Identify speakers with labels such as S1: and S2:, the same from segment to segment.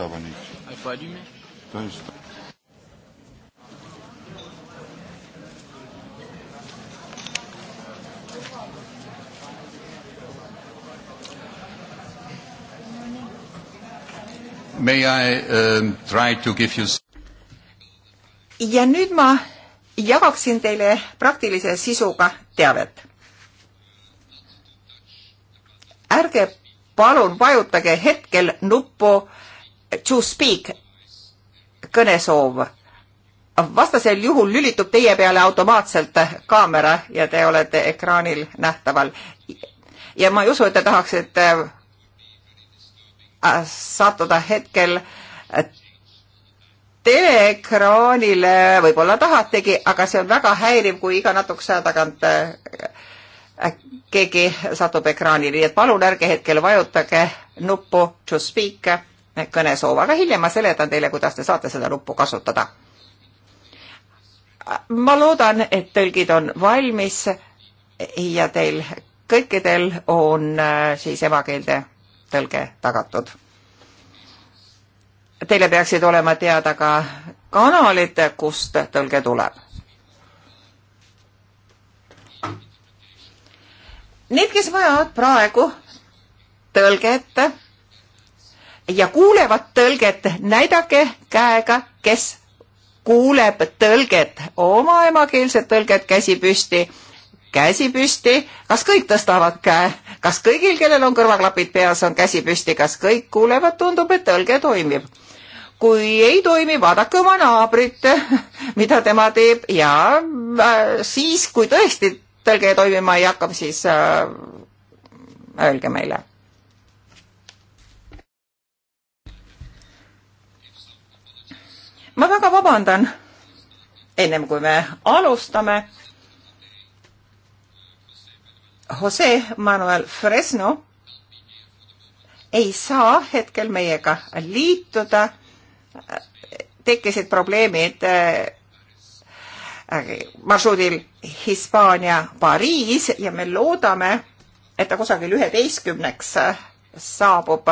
S1: allumet aber nicht. Il faut allumer. Da ist May I um, uh, try to give you ja nüüd ma jagaksin teile praktilise sisuga teavet. ärge palun vajutage hetkel nuppu to speak kõnesoov. vastasel juhul lülitub teie peale automaatselt kaamera ja te olete ekraanil nähtaval. ja ma ei usu, et te tahaksite äh, sattuda hetkel äh, teleekraanile, võib-olla tahategi, aga see on väga häiriv, kui iga natukese aja tagant äh, keegi satub ekraanile, nii et palun ärge hetkel vajutage nuppu to speak kõnesoov, aga hiljem ma seletan teile, kuidas te saate seda nuppu kasutada. ma loodan, et tõlgid on valmis ja teil kõikidel on äh, siis emakeelde tõlge tagatud. Teile peaksid olema teada ka kanalid, kust tõlge tuleb. Need, kes vajavad praegu tõlget ja kuulevad tõlget, näidake käega, kes kuuleb tõlget, oma emakeelset tõlget, käsi püsti, käsi püsti, kas kõik tõstavad käe, kas kõigil, kellel on kõrvaklapid peas, on käsi püsti, kas kõik kuulevad, tundub, et tõlge toimib. kui ei toimi, vaadake oma naabrit, mida tema teeb ja äh, siis, kui tõesti tõlge toimima ei hakka, siis äh, öelge meile ma väga vabandan, ennem kui me alustame. Jose Manuel Fresno ei saa hetkel meiega liituda. tekkisid probleemid äh, marsruudil Hispaania-Pariis ja me loodame, et ta kusagil üheteistkümneks saabub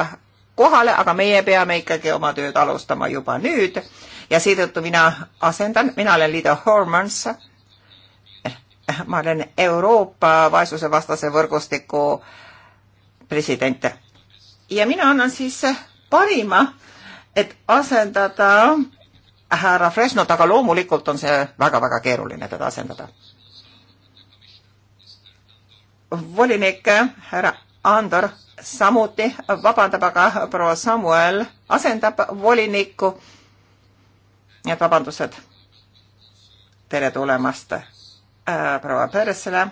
S1: kohale, aga meie peame ikkagi oma tööd alustama juba nüüd ja seetõttu mina asendan, mina olen Liida Hormans. Eh, ma olen Euroopa vaesusevastase võrgustiku president ja mina annan siis parima, et asendada härra Fresnot, aga loomulikult on see väga-väga keeruline teda asendada. volinik härra Andor samuti vabandab, aga proua Samuel asendab volinikku. nii et vabandused. tere tulemast äh, proua Peresele,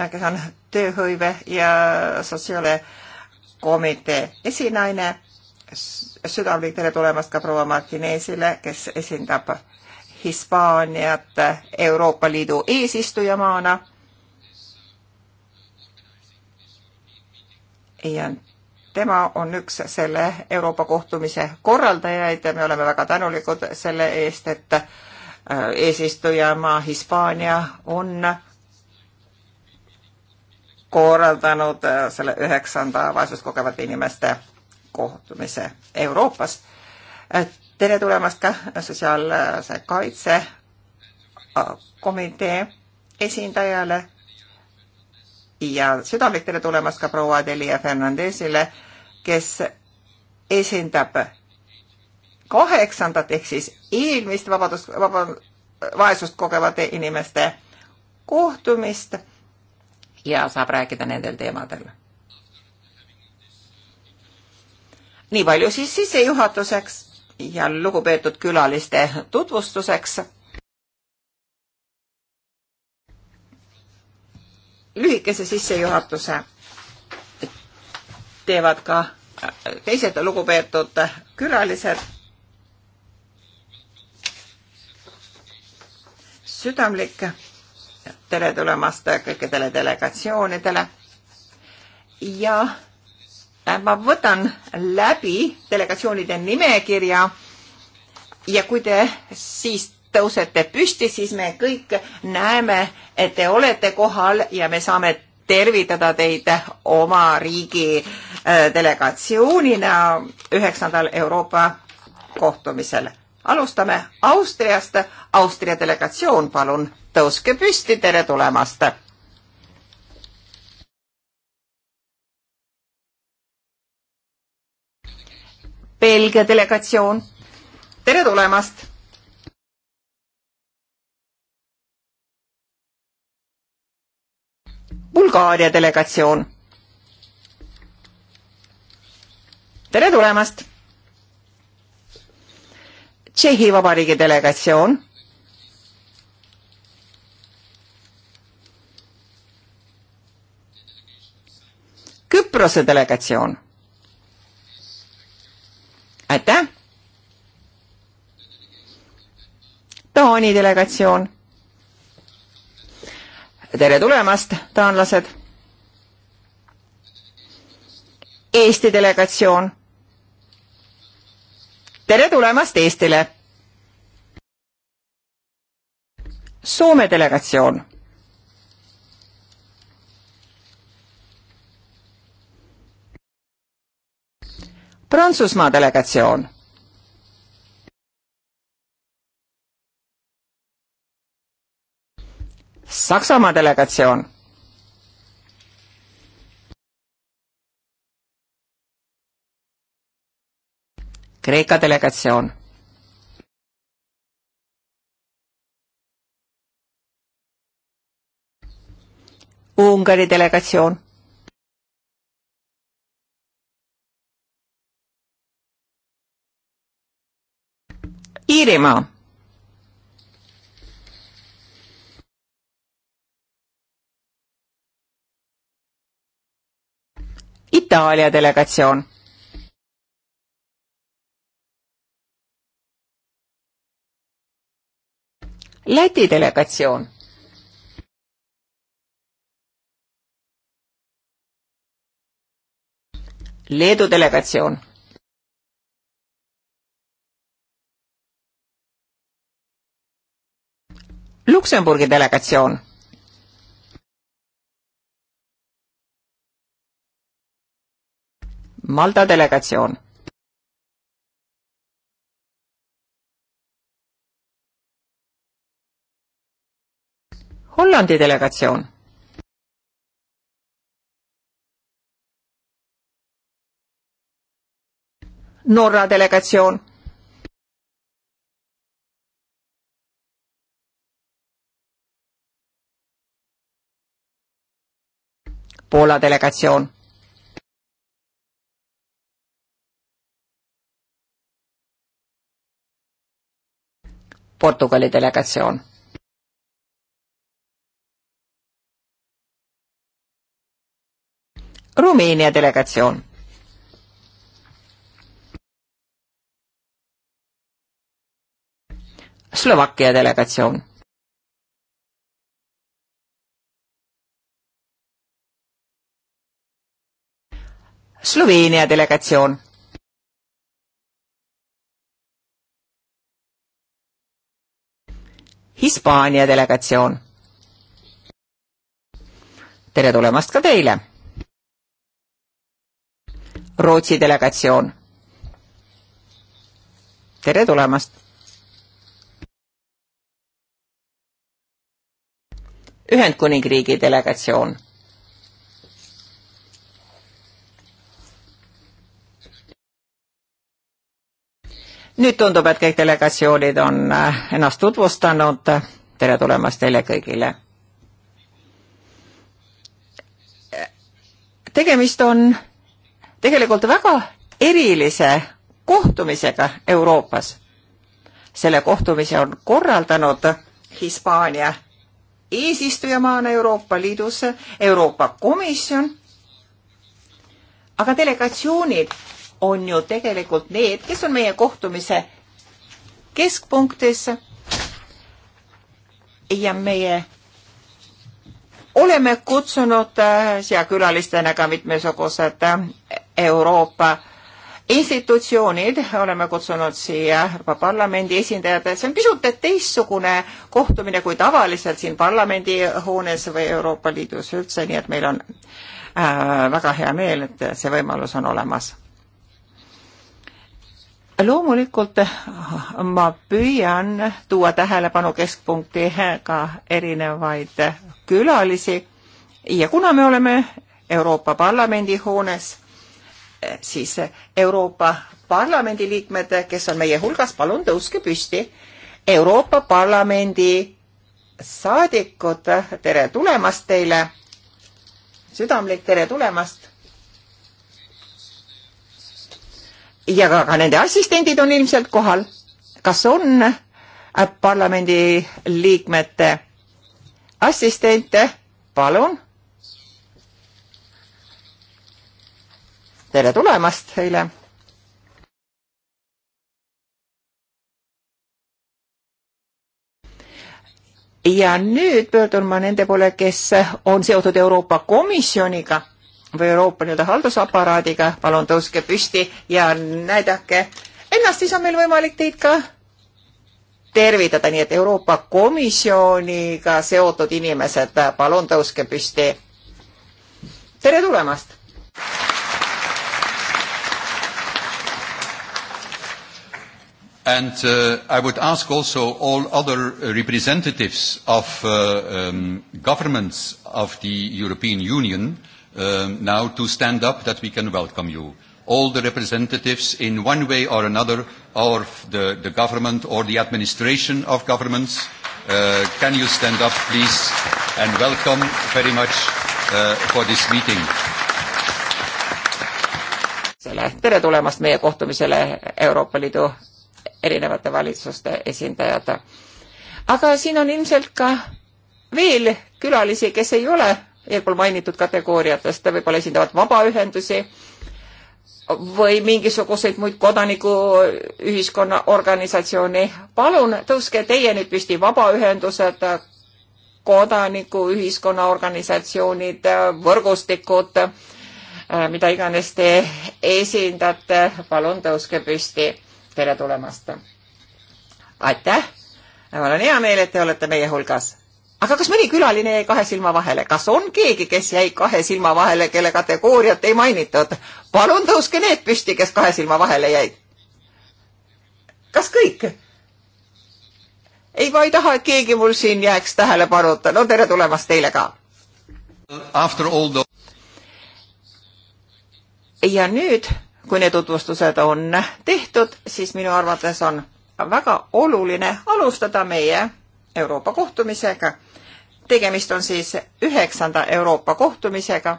S1: äh, kes on tööhõive ja sotsiaalkomitee esinaine. südamlik tere tulemast ka proua Martinesile, kes esindab Hispaaniat Euroopa Liidu eesistujamaana ja tema on üks selle Euroopa kohtumise korraldajaid ja me oleme väga tänulikud selle eest, et äh, eesistujamaa Hispaania on korraldanud äh, selle üheksanda vaesust kogevate inimeste kohtumise Euroopas. Äh, tere tulemast ka sotsiaalse kaitse komitee esindajale ja südamlik tere tulemast ka proua Delia Fernandesile, kes esindab kaheksandat ehk siis eelmist vabadust, vaba, vaesust kogevate inimeste kohtumist ja saab rääkida nendel teemadel. nii palju siis sissejuhatuseks ja lugupeetud külaliste tutvustuseks lühikese sissejuhatuse teevad ka teised lugupeetud külalised. südamlik tere tulemast kõikidele delegatsioonidele ja äh, ma võtan läbi delegatsioonide nimekirja ja kui te siis tõusete püsti, siis me kõik näeme, et te olete kohal ja me saame tervitada teid oma riigi äh, delegatsioonina üheksandal Euroopa kohtumisel. alustame Austriast. Austria delegatsioon, palun tõuske püsti, tere tulemast Belgia
S2: delegatsioon. tere tulemast! Bulgaaria delegatsioon.
S1: tere tulemast! Tšehhi Vabariigi delegatsioon. Küprose delegatsioon. aitäh! Taani delegatsioon
S2: tere tulemast,
S1: taanlased. Eesti delegatsioon.
S2: tere tulemast Eestile. Soome delegatsioon. Prantsusmaa delegatsioon Saksamaa delegatsioon. Kreeka delegatsioon. Ungari delegatsioon. Iirimaa Itaalia delegatsioon Läti delegatsioon. Leedu delegatsioon. Luksemburgi delegatsioon Malta delegatsioon. Hollandi delegatsioon Norra delegatsioon. Poola delegatsioon. Portugali delegatsioon. Rumeenia delegatsioon. Slovakkia delegatsioon. Sloveenia delegatsioon Hispaania delegatsioon. tere tulemast ka teile. Rootsi delegatsioon. tere tulemast. Ühendkuningriigi delegatsioon
S1: nüüd tundub, et kõik delegatsioonid on äh, ennast tutvustanud, tere tulemast teile kõigile! tegemist on tegelikult väga erilise kohtumisega Euroopas. selle kohtumise on korraldanud Hispaania eesistujamaana Euroopa Liidus Euroopa Komisjon, aga delegatsioonid on ju tegelikult need, kes on meie kohtumise keskpunktis ja meie oleme kutsunud äh, siia külalistena ka mitmesugused äh, Euroopa institutsioonid, oleme kutsunud siia Euroopa Parlamendi esindajad, see on pisut teistsugune kohtumine kui tavaliselt siin parlamendihoones või Euroopa Liidus üldse, nii et meil on äh, väga hea meel, et see võimalus on olemas loomulikult eh, ma püüan tuua tähelepanu keskpunkti ka erinevaid külalisi ja kuna me oleme Euroopa Parlamendi hoones, eh, siis Euroopa Parlamendi liikmed, kes on meie hulgas, palun tõuske püsti. Euroopa Parlamendi saadikud, tere tulemast teile, südamlik tere tulemast ja ka, ka nende assistendid on ilmselt kohal. kas on äh, parlamendi liikmete assistente? palun. tere tulemast teile ja nüüd pöördun ma nende poole, kes on seotud Euroopa Komisjoniga või Euroopa nii-öelda haldusaparaadiga, palun tõuske püsti ja näidake ennast, siis on meil võimalik teid ka tervitada, nii et Euroopa Komisjoniga seotud inimesed, palun tõuske püsti. tere tulemast! And uh, I would ask also all other representatives of uh, um, governments of the European Union uh, um, now to stand up that we can welcome you. All the representatives in one way or another of the, the government or the administration of governments, uh, can you stand up please and welcome very much uh, for this meeting. tere tulemast meie kohtumisele Euroopa Liidu erinevate valitsuste esindajad. aga siin on ilmselt ka veel külalisi, kes ei ole eelpool mainitud kategooriatest, võib-olla esindavad vabaühendusi või mingisuguseid muid kodanikuühiskonna organisatsioone. palun tõuske teie nüüd püsti, vabaühendused, kodanikuühiskonna organisatsioonid, võrgustikud, mida iganes te esindate, palun tõuske püsti. tere tulemast! aitäh! mul on hea meel, et te olete meie hulgas aga kas mõni külaline jäi kahe silma vahele, kas on keegi, kes jäi kahe silma vahele, kelle kategooriat ei mainitud? palun tõuske need püsti, kes kahe silma vahele jäid. kas kõik? ei, ma ei taha, et keegi mul siin jääks tähelepanuta. no tere tulemast teile ka. ja nüüd, kui need tutvustused on tehtud, siis minu arvates on väga oluline alustada meie Euroopa kohtumisega tegemist on siis üheksanda Euroopa kohtumisega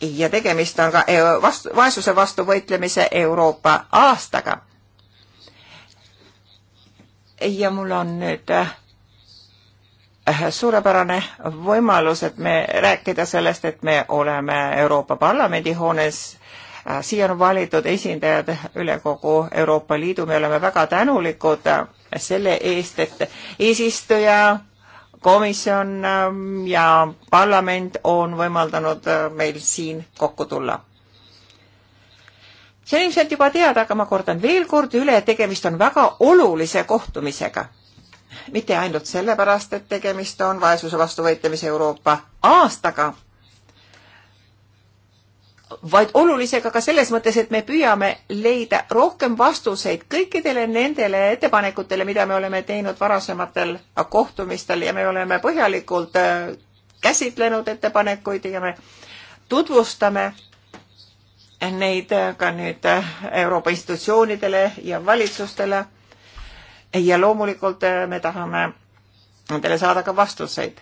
S1: ja tegemist on ka e-, vastu, vaesuse vastu võitlemise Euroopa aastaga. ja mul on nüüd eh, suurepärane võimalus, et me rääkida sellest, et me oleme Euroopa Parlamendi hoones, eh, siia on valitud esindajad üle kogu Euroopa Liidu, me oleme väga tänulikud selle eest, et eesistuja komisjon ähm, ja parlament on võimaldanud äh, meil siin kokku tulla. see on ilmselt juba teada, aga ma kordan veel kord üle, et tegemist on väga olulise kohtumisega. mitte ainult sellepärast, et tegemist on vaesuse vastu võitlemise Euroopa aastaga vaid olulisega ka selles mõttes, et me püüame leida rohkem vastuseid kõikidele nendele ettepanekutele, mida me oleme teinud varasematel kohtumistel ja me oleme põhjalikult äh, käsitlenud ettepanekuid ja me tutvustame neid äh, ka nüüd äh, Euroopa institutsioonidele ja valitsustele. ja loomulikult me tahame nendele saada ka vastuseid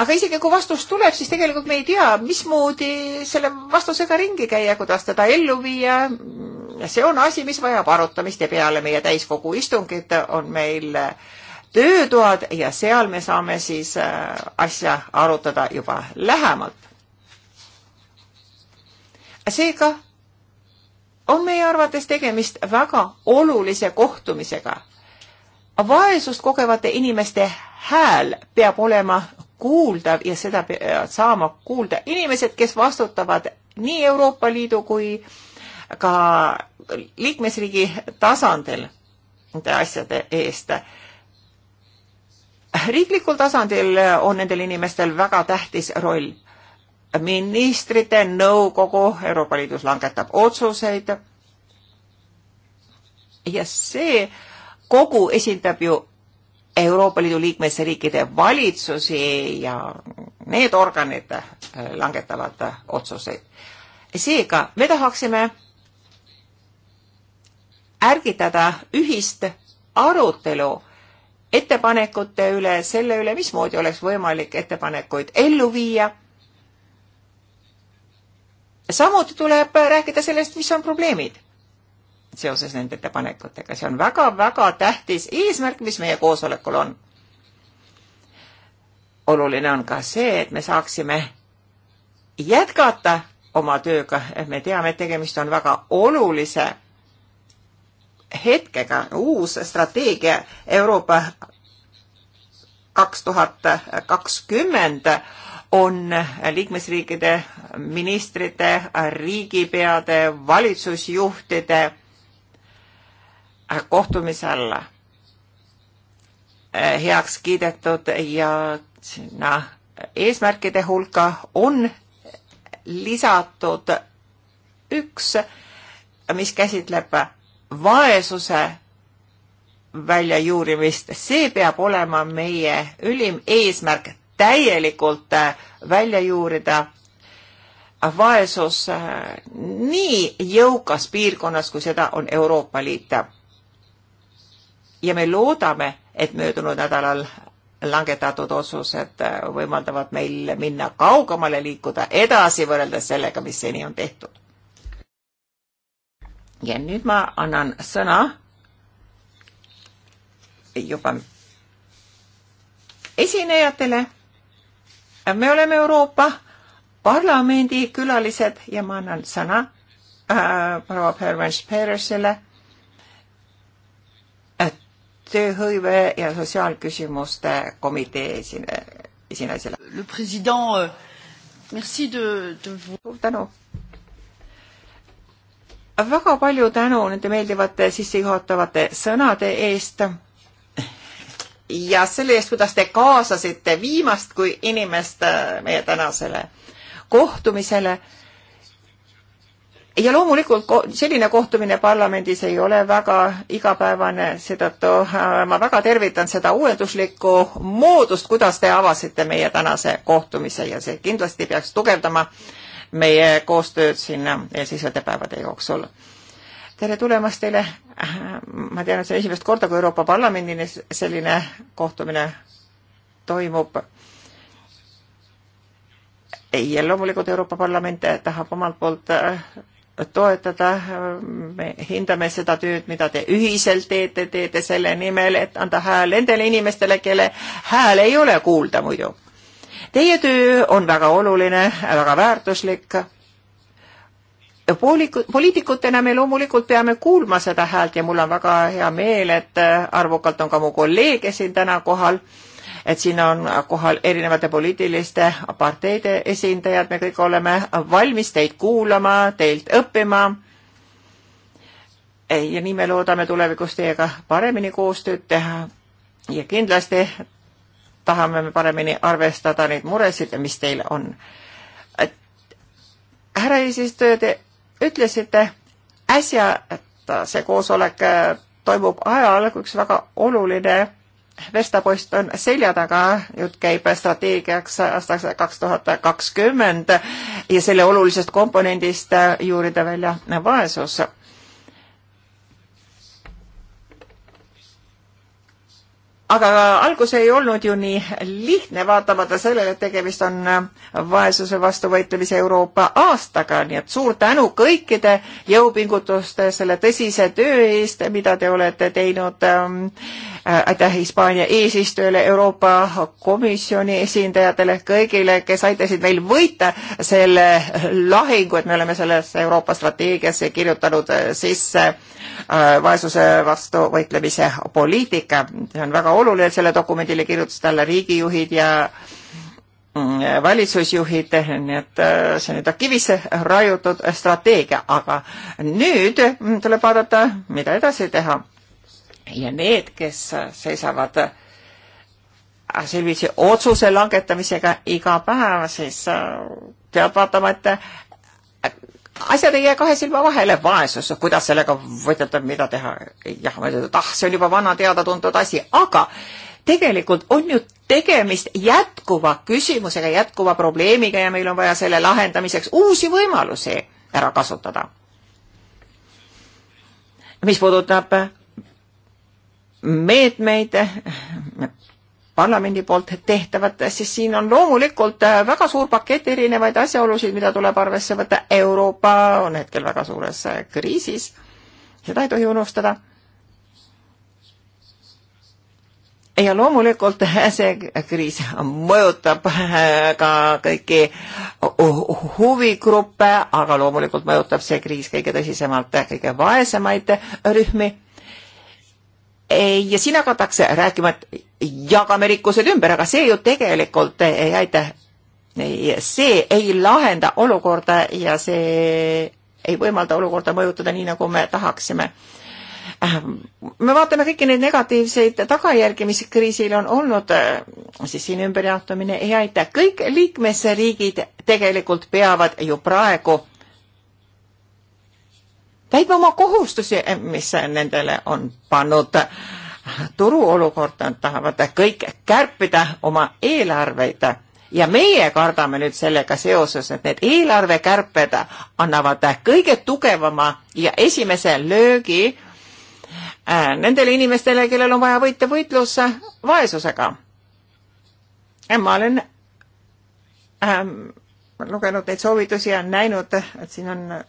S1: aga isegi kui vastus tuleb, siis tegelikult me ei tea, mismoodi selle vastusega ringi käia, kuidas teda ellu viia. ja see on asi, mis vajab arutamist ja peale meie täiskogu istungit on meil töötoad ja seal me saame siis äh, asja arutada juba lähemalt. seega on meie arvates tegemist väga olulise kohtumisega. vaesust kogevate inimeste hääl peab olema kuuldav ja seda peavad saama kuulda inimesed, kes vastutavad nii Euroopa Liidu kui ka liikmesriigi tasandil nende asjade eest. riiklikul tasandil on nendel inimestel väga tähtis roll. ministrite nõukogu Euroopa Liidus langetab otsuseid ja see kogu esindab ju Euroopa Liidu liikmesriikide valitsusi ja need organid äh, langetavad äh, otsuseid. seega me tahaksime ärgitada ühist arutelu ettepanekute üle, selle üle, mismoodi oleks võimalik ettepanekuid ellu viia. samuti tuleb rääkida sellest, mis on probleemid seoses nende ettepanekutega, see on väga-väga tähtis eesmärk, mis meie koosolekul on. oluline on ka see, et me saaksime jätkata oma tööga, et me teame, et tegemist on väga olulise hetkega, uus strateegia Euroopa kaks tuhat kakskümmend on liikmesriikide ministrite, riigipeade, valitsusjuhtide Äh, kohtumise alla äh, heaks kiidetud ja sinna eesmärkide hulka on lisatud üks, mis käsitleb vaesuse väljajuurimist, see peab olema meie ülim eesmärk, täielikult välja juurida vaesus nii jõukas piirkonnas, kui seda on Euroopa Liit ja me loodame, et möödunud nädalal langetatud otsused võimaldavad meil minna kaugemale, liikuda edasi võrreldes sellega, mis seni on tehtud. ja nüüd ma annan sõna juba esinejatele. me oleme Euroopa Parlamendi külalised ja ma annan sõna äh, proua Pervenš Peresele tööhõive ja sotsiaalküsimuste komitee esine, esinaisele. Euh, suur tänu! väga palju tänu nende meeldivate sissejuhatavate sõnade eest ja selle eest, kuidas te kaasasite viimast kui inimest äh, meie tänasele kohtumisele ja loomulikult selline kohtumine parlamendis ei ole väga igapäevane, seetõttu äh, ma väga tervitan seda uuenduslikku moodust, kuidas te avasite meie tänase kohtumise ja see kindlasti peaks tugevdama meie koostööd sinna eelseisvate päevade jooksul. tere tulemast teile, äh, ma tean, et see on esimest korda, kui Euroopa Parlamendini selline kohtumine toimub ei, loomulikult Euroopa Parlament tahab omalt poolt äh, toetada, me hindame seda tööd, mida te ühiselt teete, teete selle nimel, et anda hääl nendele inimestele, kelle hääl ei ole kuulda muidu. Teie töö on väga oluline, väga väärtuslik. Pooliku, poliitikutena me loomulikult peame kuulma seda häält ja mul on väga hea meel, et arvukalt on ka mu kolleege siin täna kohal et siin on kohal erinevate poliitiliste parteide esindajad, me kõik oleme valmis teid kuulama, teilt õppima. ja nii me loodame tulevikus teiega paremini koostööd teha ja kindlasti tahame me paremini arvestada neid muresid, mis teil on. härra eesistuja, te ütlesite äsja, et see koosolek toimub ajal, kui üks väga oluline vestapost on selja taga, jutt käib strateegiaks aastaks kaks tuhat kakskümmend ja selle olulisest komponendist juurida välja vaesus. aga algus ei olnud ju nii lihtne, vaatamata sellele, et tegemist on vaesuse vastu võitlemise Euroopa aastaga, nii et suur tänu kõikide jõupingutuste, selle tõsise töö eest, mida te olete teinud ähm, Äh, aitäh Hispaania eesistujale, Euroopa Komisjoni esindajatele, kõigile, kes aitasid meil võita selle lahingu, et me oleme sellesse Euroopa strateegiasse kirjutanud äh, sisse äh, vaesuse vastu võitlemise poliitika. see on väga oluline, selle dokumendile kirjutasid alla riigijuhid mm, ja valitsusjuhid, nii et see nüüd on kivisse raiutud strateegia, aga nüüd mm, tuleb vaadata, mida edasi teha ja need, kes seisavad äh, silmitsi otsuse langetamisega iga päev, siis äh, peab vaatama, et äh, asjad ei jää kahe silma vahele, vaesus, kuidas sellega võidelda, mida teha. jah, ma ütlen, et ah, see on juba vana teada-tuntud asi, aga tegelikult on ju tegemist jätkuva küsimusega, jätkuva probleemiga ja meil on vaja selle lahendamiseks uusi võimalusi ära kasutada. mis puudutab meetmeid parlamendi poolt tehtavat, siis siin on loomulikult väga suur pakett erinevaid asjaolusid, mida tuleb arvesse võtta. Euroopa on hetkel väga suures kriisis, seda ei tohi unustada. ja loomulikult see kriis mõjutab ka kõiki huvigruppe, aga loomulikult mõjutab see kriis kõige tõsisemalt kõige vaesemaid rühmi ja sina hakatakse rääkima, et jagame rikkused ümber, aga see ju tegelikult ei aita. see ei lahenda olukorda ja see ei võimalda olukorda mõjutada nii, nagu me tahaksime. Äh, me vaatame kõiki neid negatiivseid tagajärgi, mis kriisil on olnud, siis siin ümberjaotamine ei aita. kõik liikmesriigid tegelikult peavad ju praegu täitma oma kohustusi, mis nendele on pannud. turuolukord, nad tahavad kõik kärpida oma eelarveid ja meie kardame nüüd sellega seoses, et need eelarvekärped annavad kõige tugevama ja esimese löögi äh, nendele inimestele, kellel on vaja võita võitlus äh, vaesusega. ma olen ähm, lugenud neid soovitusi ja näinud, et siin on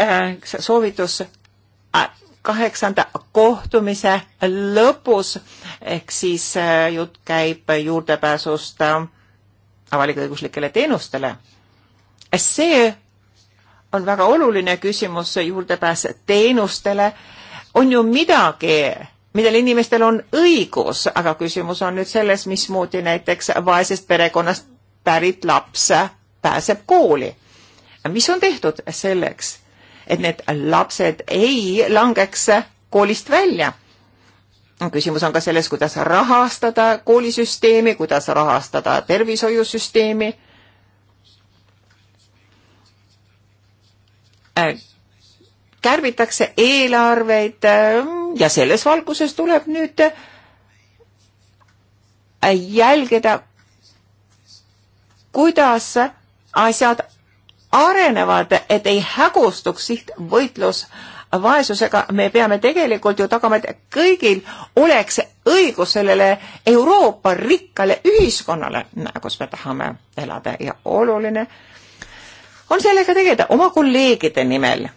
S1: Äh, soovitus äh, kaheksanda kohtumise lõpus ehk siis äh, jutt käib juurdepääsust avalik-õiguslikele teenustele. see on väga oluline küsimus, juurdepääs teenustele on ju midagi, millel inimestel on õigus, aga küsimus on nüüd selles, mismoodi näiteks vaesest perekonnast pärit laps pääseb kooli. mis on tehtud selleks? et need lapsed ei langeks koolist välja. küsimus on ka selles, kuidas rahastada koolisüsteemi, kuidas rahastada tervishoiusüsteemi. Äh, kärbitakse eelarveid äh, ja selles valguses tuleb nüüd äh, jälgida, kuidas asjad arenevad, et ei hägustuks siht võitlus vaesusega, me peame tegelikult ju tagama, et kõigil oleks õigus sellele Euroopa rikkale ühiskonnale, kus nagu me tahame elada ja oluline on sellega tegeleda oma kolleegide nimel.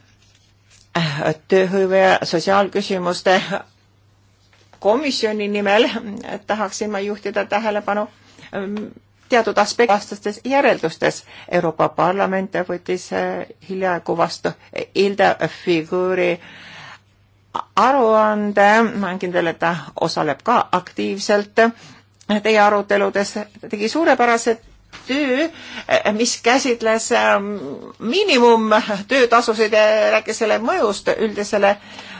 S1: tööhõive ja sotsiaalküsimuste komisjoni nimel tahaksin ma juhtida tähelepanu teatud aspektastes järeldustes. Euroopa Parlament võttis äh, hiljaaegu vastu Ilda Figuuri aruande, ma olen kindel, et ta osaleb ka aktiivselt teie aruteludes, ta tegi suurepärase töö, äh, mis käsitles äh, miinimumtöötasusid ja rääkis selle mõjust üldisele äh,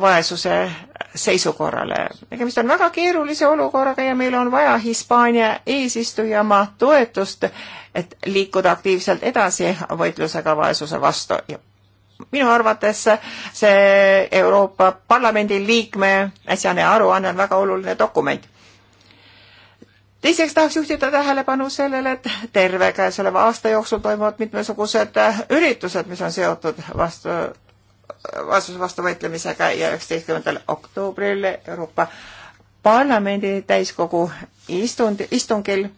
S1: vaesuse seisukorrale. tegemist on väga keerulise olukorraga ja meil on vaja Hispaania eesistujamaa toetust, et liikuda aktiivselt edasi võitlusega vaesuse vastu. minu arvates see Euroopa Parlamendi liikme äsjane aruanne on väga oluline dokument. teiseks tahaks juhtida tähelepanu sellele, et terve käesoleva aasta jooksul toimuvad mitmesugused üritused, mis on seotud vastu vastus vastu võitlemisega ja üheksateistkümnendal oktoobril Euroopa Parlamendi täiskogu istund, istungil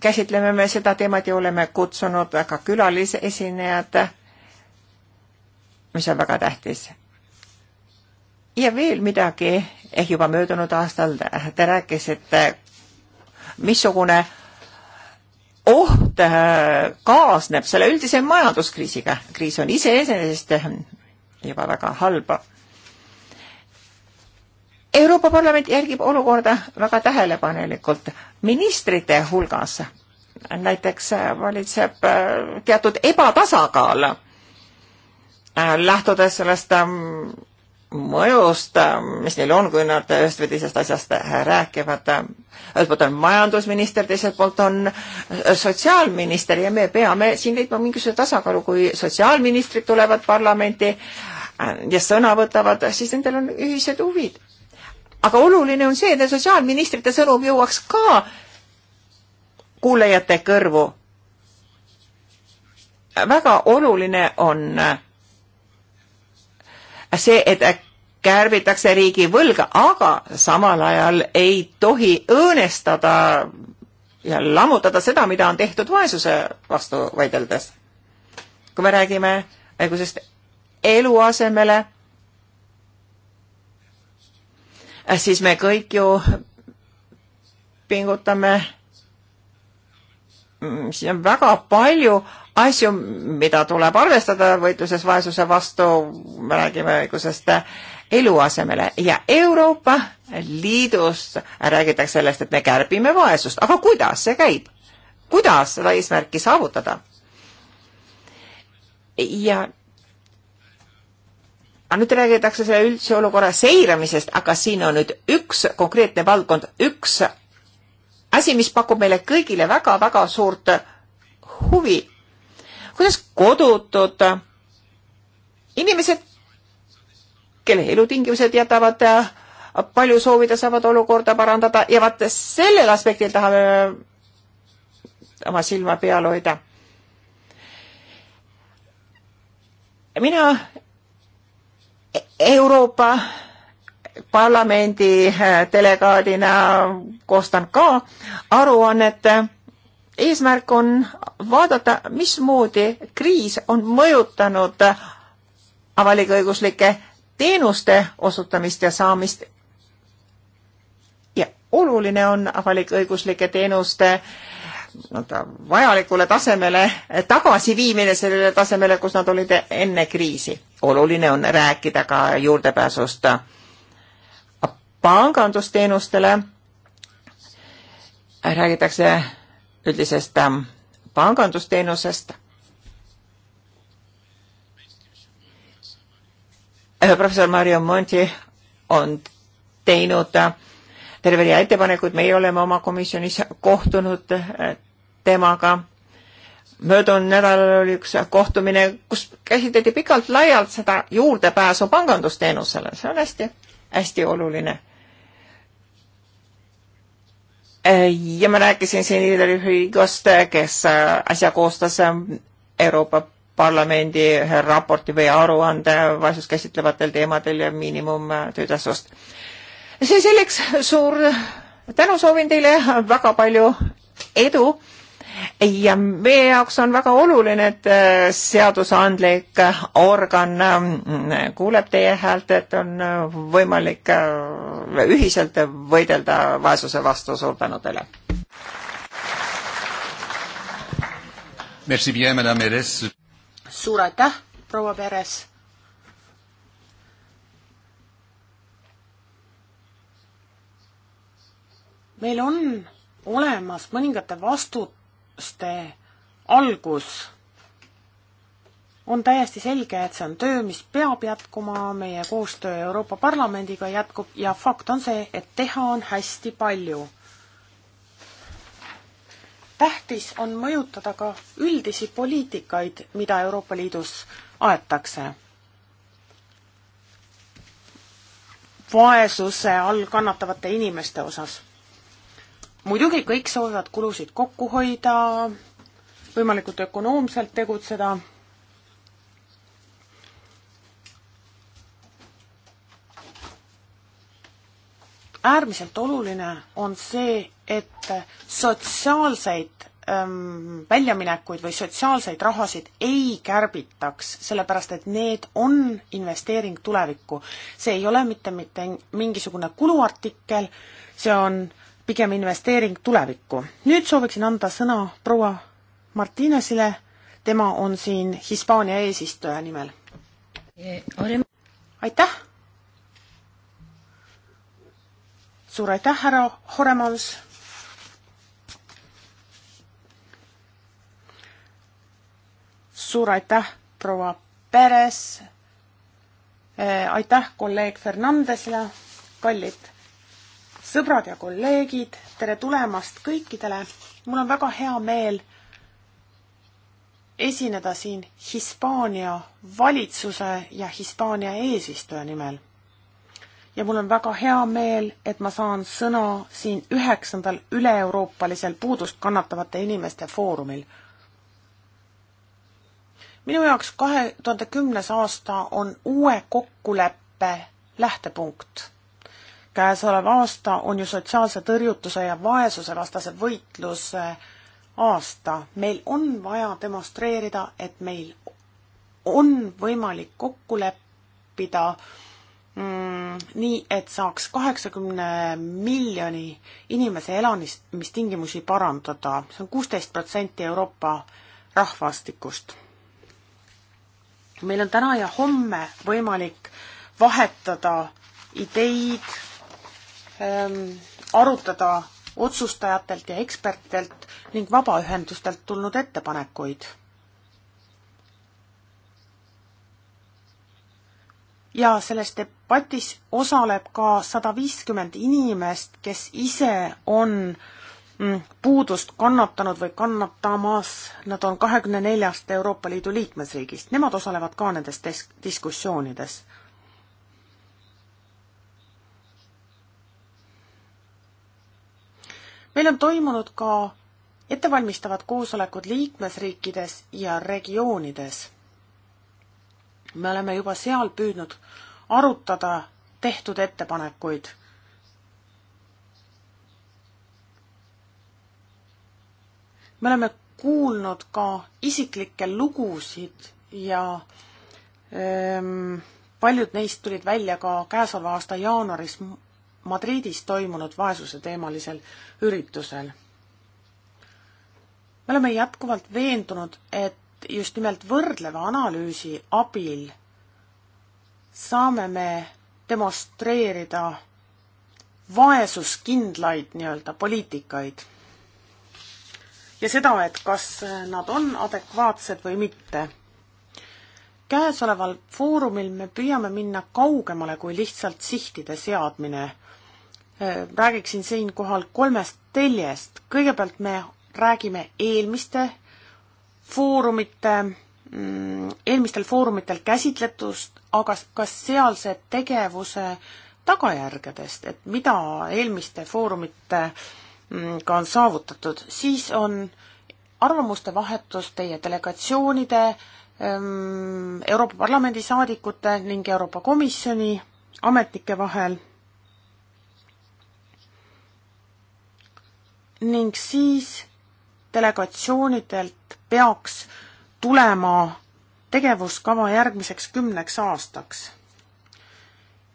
S1: käsitleme me seda teemat ja oleme kutsunud väga külalisesinejad, mis on väga tähtis. ja veel midagi, ehk juba möödunud aastal te rääkisite, missugune oht äh, kaasneb selle üldise majanduskriisiga. kriis on iseenesest äh, juba väga halb. Euroopa Parlament jälgib olukorda väga tähelepanelikult. ministrite hulgas näiteks äh, valitseb teatud ebatasakaal, lähtudes sellest ähm, mõjust, mis neil on, kui nad ühest või teisest asjast räägivad. ühelt poolt on majandusminister, teiselt poolt on sotsiaalminister ja me peame siin leidma mingisuguse tasakaalu, kui sotsiaalministrid tulevad parlamenti ja sõna võtavad, siis nendel on ühised huvid. aga oluline on see, et sotsiaalministrite sõnum jõuaks ka kuulajate kõrvu. väga oluline on see, et kärbitakse riigi võlga, aga samal ajal ei tohi õõnestada ja lammutada seda, mida on tehtud vaesuse vastu võideldes. kui me räägime õigusest eluasemele, siis me kõik ju pingutame siin on väga palju asju, mida tuleb arvestada võitluses vaesuse vastu, me räägime õigusest eluasemele ja Euroopa Liidus räägitakse sellest, et me kärbime vaesust, aga kuidas see käib? kuidas seda eesmärki saavutada? ja aga nüüd räägitakse selle üldse olukorra seiramisest, aga siin on nüüd üks konkreetne valdkond, üks asi, mis pakub meile kõigile väga-väga suurt huvi. kuidas kodutud inimesed, kelle elutingimused jätavad äh, palju soovida, saavad olukorda parandada ja vaat sellel aspektil tahame oma silma peal hoida. mina Euroopa parlamendi äh, delegaadina koostan ka aruannet. eesmärk on vaadata, mismoodi kriis on mõjutanud avalik-õiguslike teenuste osutamist ja saamist. ja oluline on avalik-õiguslike teenuste nii-öelda vajalikule tasemele tagasiviimine sellele tasemele, kus nad olid enne kriisi. oluline on rääkida ka juurdepääsust pangandusteenustele, räägitakse üldisest ähm, pangandusteenusest. Äh, professor Mario Monti on teinud äh, terve rea ettepanekuid, meie oleme oma komisjonis kohtunud äh, temaga möödunud nädalal oli üks kohtumine, kus käsitleti pikalt-laialt seda juurdepääsu pangandusteenusele, see on hästi, hästi oluline. Äh, ja ma rääkisin seniiderühmast, kes äh, äsja koostas ähm, Euroopa Parlamendi ühe raporti või aruande vaesust käsitlevatel teemadel ja miinimumtöötasust. Äh, see selleks, suur tänu soovin teile, väga palju edu ja meie jaoks on väga oluline, et äh, seadusandlik äh, organ ähm, kuuleb teie häält, et on äh, võimalik ühiselt võidelda vaesuse vastu. suur tänu teile!
S3: suur aitäh, proua Peres! meil on olemas mõningate vastu-, muutuste algus. on täiesti selge, et see on töö, mis peab jätkuma, meie koostöö Euroopa Parlamendiga jätkub ja fakt on see, et teha on hästi palju. tähtis on mõjutada ka üldisi poliitikaid, mida Euroopa Liidus aetakse vaesuse all kannatavate inimeste osas muidugi kõik soovivad kulusid kokku hoida, võimalikult ökonoomselt tegutseda. äärmiselt oluline on see, et sotsiaalseid ähm, väljaminekuid või sotsiaalseid rahasid ei kärbitaks, sellepärast et need on investeering tulevikku. see ei ole mitte, mitte mingisugune kuluartikkel, see on pigem investeering tulevikku. nüüd sooviksin anda sõna proua Martinesile, tema on siin Hispaania eesistuja nimel. aitäh! suur aitäh, härra Horemans! suur aitäh, proua Peres! Eh, aitäh kolleeg Fernandesile, kallid sõbrad ja kolleegid, tere tulemast kõikidele. mul on väga hea meel esineda siin Hispaania valitsuse ja Hispaania eesistuja nimel. ja mul on väga hea meel, et ma saan sõna siin üheksandal üle-euroopalisel puudust kannatavate inimeste foorumil minu jaoks kahe tuhande kümnes aasta on uue kokkuleppe lähtepunkt käesolev aasta on ju sotsiaalse tõrjutuse ja vaesuse vastase võitluse aasta. meil on vaja demonstreerida, et meil on võimalik kokku leppida mm, nii, et saaks kaheksakümne miljoni inimese elamistingimusi parandada. see on kuusteist protsenti Euroopa rahvastikust. meil on täna ja homme võimalik vahetada ideid, ähm, arutada otsustajatelt ja ekspertidelt ning vabaühendustelt tulnud ettepanekuid. ja selles debatis osaleb ka sada viiskümmend inimest, kes ise on mm, puudust kannatanud või kannatamas, nad on kahekümne neljast Euroopa Liidu liikmesriigist, nemad osalevad ka nendes diskussioonides meil on toimunud ka ettevalmistavad koosolekud liikmesriikides ja regioonides. me oleme juba seal püüdnud arutada tehtud ettepanekuid. me oleme kuulnud ka isiklikke lugusid ja öö, ehm, paljud neist tulid välja ka käesoleva aasta jaanuaris Madridis toimunud vaesuse teemalisel üritusel. me oleme jätkuvalt veendunud, et just nimelt võrdleva analüüsi abil saame me demonstreerida vaesuskindlaid nii-öelda poliitikaid. ja seda, et kas nad on adekvaatsed või mitte. käesoleval foorumil me püüame minna kaugemale kui lihtsalt sihtide seadmine räägiksin siinkohal kolmest teljest. kõigepealt me räägime eelmiste foorumite, mm, eelmistel foorumitel käsitletust, aga ka sealse tegevuse tagajärgedest, et mida eelmiste foorumitega mm, on saavutatud, siis on arvamuste vahetus teie delegatsioonide, mm, Euroopa Parlamendi saadikute ning Euroopa Komisjoni ametnike vahel ning siis delegatsioonidelt peaks tulema tegevuskava järgmiseks kümneks aastaks.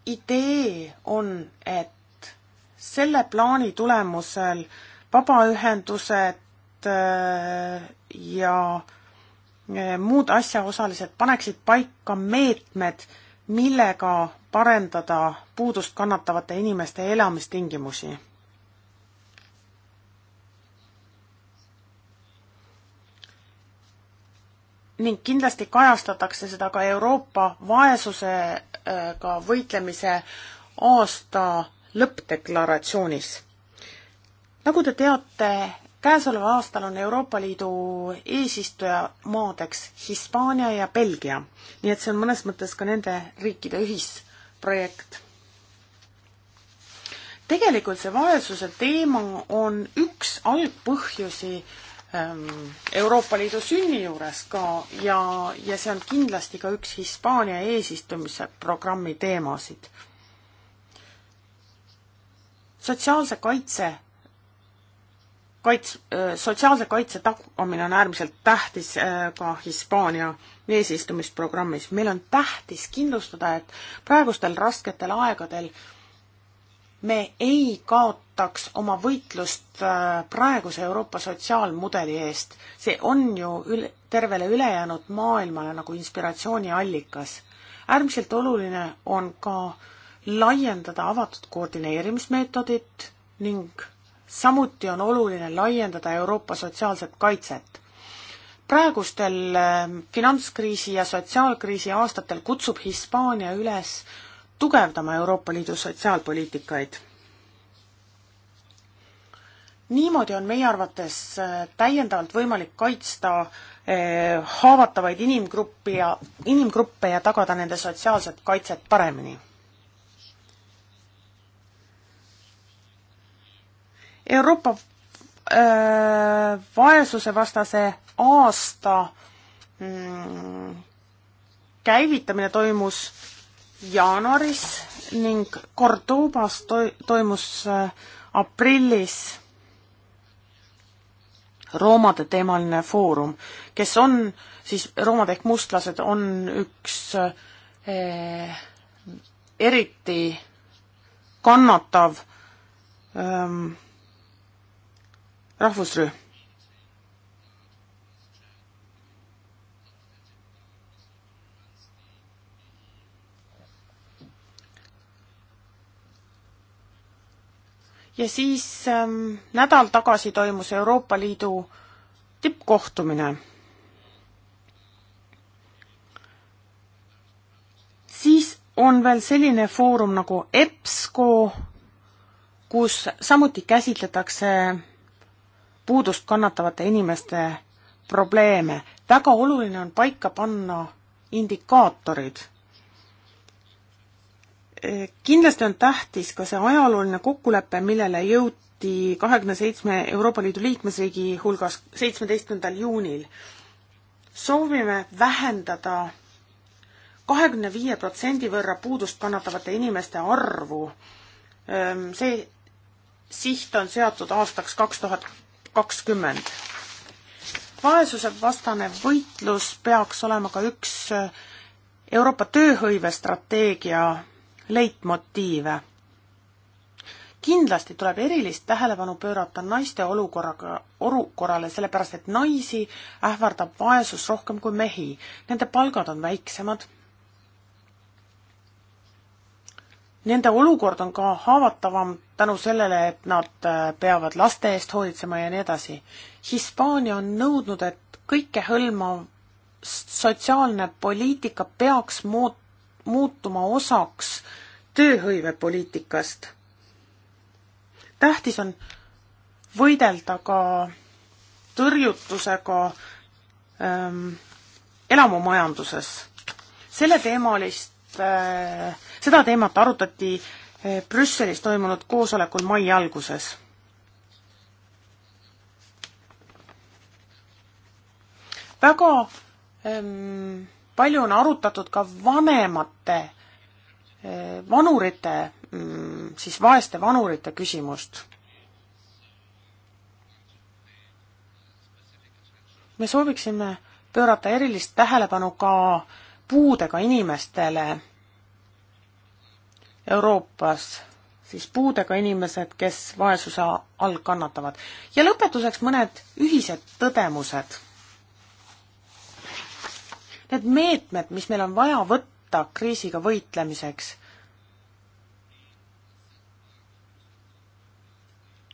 S3: idee on, et selle plaani tulemusel vabaühendused äh, ja äh, muud asjaosalised paneksid paika meetmed, millega parendada puudust kannatavate inimeste elamistingimusi ning kindlasti kajastatakse seda ka Euroopa vaesusega võitlemise aasta lõppdeklaratsioonis. nagu te teate, käesoleval aastal on Euroopa Liidu eesistujamaadeks Hispaania ja Belgia, nii et see on mõnes mõttes ka nende riikide ühisprojekt tegelikult see vaesuse teema on üks algpõhjusi, Ähm, Euroopa Liidu sünni juures ka ja, ja see on kindlasti ka üks Hispaania eesistumise programmi teemasid. sotsiaalse kaitse, kaits-, äh, sotsiaalse kaitse tagamine on äärmiselt tähtis äh, ka Hispaania eesistumisprogrammis. meil on tähtis kindlustada, et praegustel rasketel aegadel äh, me ei kaotaks oma võitlust äh, praeguse Euroopa sotsiaalmudeli eest. see on ju üle, tervele ülejäänud maailmale nagu inspiratsiooniallikas. äärmiselt oluline on ka laiendada avatud koordineerimismeetodit ning samuti on oluline laiendada Euroopa sotsiaalset kaitset. praegustel äh, finantskriisi ja sotsiaalkriisi aastatel kutsub Hispaania üles tugevdama Euroopa Liidu sotsiaalpoliitikaid. niimoodi on meie arvates äh, täiendavalt võimalik kaitsta äh, haavatavaid inimgruppi ja, inimgruppe ja tagada nende sotsiaalset kaitset paremini. Euroopa äh, vaesusevastase aasta mm, käivitamine toimus jaanuaris ning Cordobas to toimus äh, aprillis roomade teemaline foorum, kes on siis, roomad ehk mustlased on üks eh, eriti kannatav eh, rahvusrühm ja siis ähm, nädal tagasi toimus Euroopa Liidu tippkohtumine. siis on veel selline foorum nagu EBSCO, kus samuti käsitletakse puudust kannatavate inimeste probleeme. väga oluline on paika panna indikaatorid kindlasti on tähtis ka see ajalooline kokkulepe, millele jõuti kahekümne seitsme Euroopa Liidu liikmesriigi hulgas seitsmeteistkümnendal juunil. soovime vähendada kahekümne viie protsendi võrra puudust kannatavate inimeste arvu. see siht on seatud aastaks kaks tuhat kakskümmend. vaesusevastane võitlus peaks olema ka üks Euroopa tööhõivestrateegia leitmotiive. kindlasti tuleb erilist tähelepanu pöörata naiste olukorraga, olukorrale, sellepärast et naisi ähvardab vaesus rohkem kui mehi. Nende palgad on väiksemad. Nende olukord on ka haavatavam tänu sellele, et nad äh, peavad laste eest hoolitsema ja nii edasi. Hispaania on nõudnud, et kõikehõlmav sotsiaalne poliitika peaks muut-, muutuma osaks tööhõivepoliitikast. tähtis on võidelda ka tõrjutusega ähm, elamumajanduses. selleteemalist äh,, seda teemat arutati äh, Brüsselis toimunud koosolekul mai alguses väga ähm, palju on arutatud ka vanemate, eh, vanurite, mm, siis vaeste vanurite küsimust. me sooviksime pöörata erilist tähelepanu ka puudega inimestele Euroopas, siis puudega inimesed, kes vaesuse all kannatavad. ja lõpetuseks mõned ühised tõdemused need meetmed, mis meil on vaja võtta kriisiga võitlemiseks,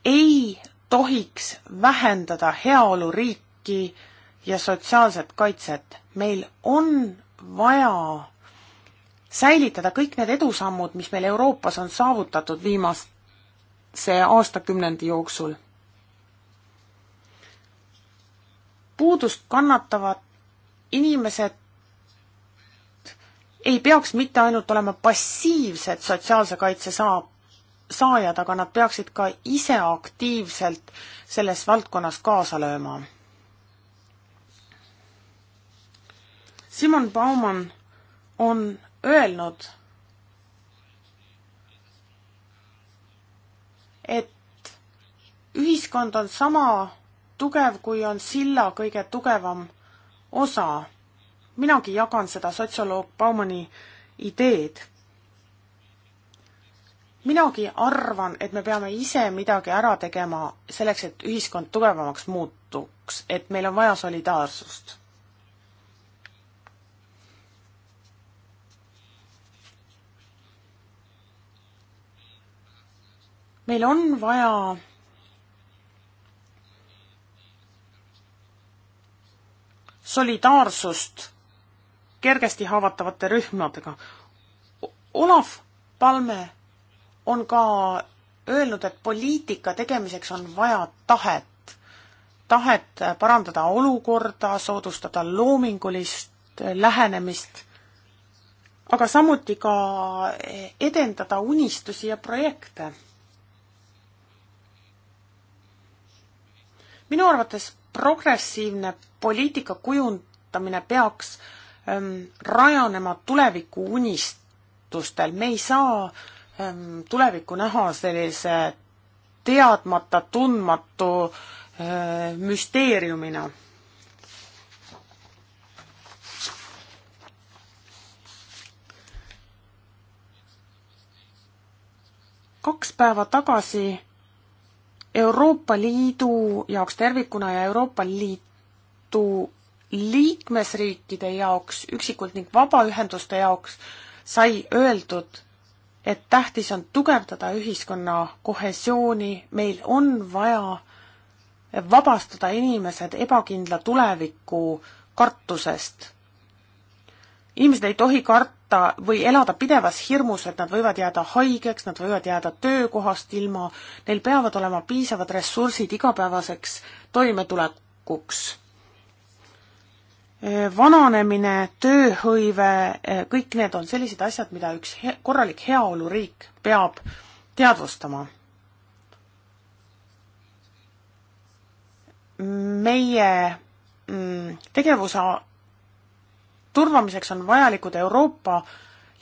S3: ei tohiks vähendada heaoluriiki ja sotsiaalset kaitset. meil on vaja säilitada kõik need edusammud, mis meil Euroopas on saavutatud viimase aastakümnendi jooksul. puudust kannatavad inimesed ei peaks mitte ainult olema passiivsed sotsiaalse kaitse saa-, saajad, aga nad peaksid ka ise aktiivselt selles valdkonnas kaasa lööma. Simon Baumann on öelnud, et ühiskond on sama tugev, kui on silla kõige tugevam osa minagi jagan seda sotsioloog Baumani ideed. minagi arvan, et me peame ise midagi ära tegema selleks, et ühiskond tugevamaks muutuks, et meil on vaja solidaarsust. meil on vaja solidaarsust kergesti haavatavate rühmadega. Olav Palme on ka öelnud, et poliitika tegemiseks on vaja tahet, tahet parandada olukorda, soodustada loomingulist lähenemist, aga samuti ka edendada unistusi ja projekte. minu arvates progressiivne poliitika kujundamine peaks äh, ähm, rajanema tuleviku unistustel, me ei saa ähm, tulevikku näha sellise teadmata, tundmatu äh, müsteeriumina. kaks päeva tagasi Euroopa Liidu jaoks tervikuna ja Euroopa Liitu liikmesriikide jaoks üksikult ning vabaühenduste jaoks sai öeldud, et tähtis on tugevdada ühiskonna kohesiooni, meil on vaja vabastada inimesed ebakindla tuleviku kartusest. inimesed ei tohi karta või elada pidevas hirmus, et nad võivad jääda haigeks, nad võivad jääda töökohast ilma, neil peavad olema piisavad ressursid igapäevaseks toimetulekuks vananemine, tööhõive, kõik need on sellised asjad, mida üks he korralik heaoluriik peab teadvustama. meie mm, tegevuse turvamiseks on vajalikud Euroopa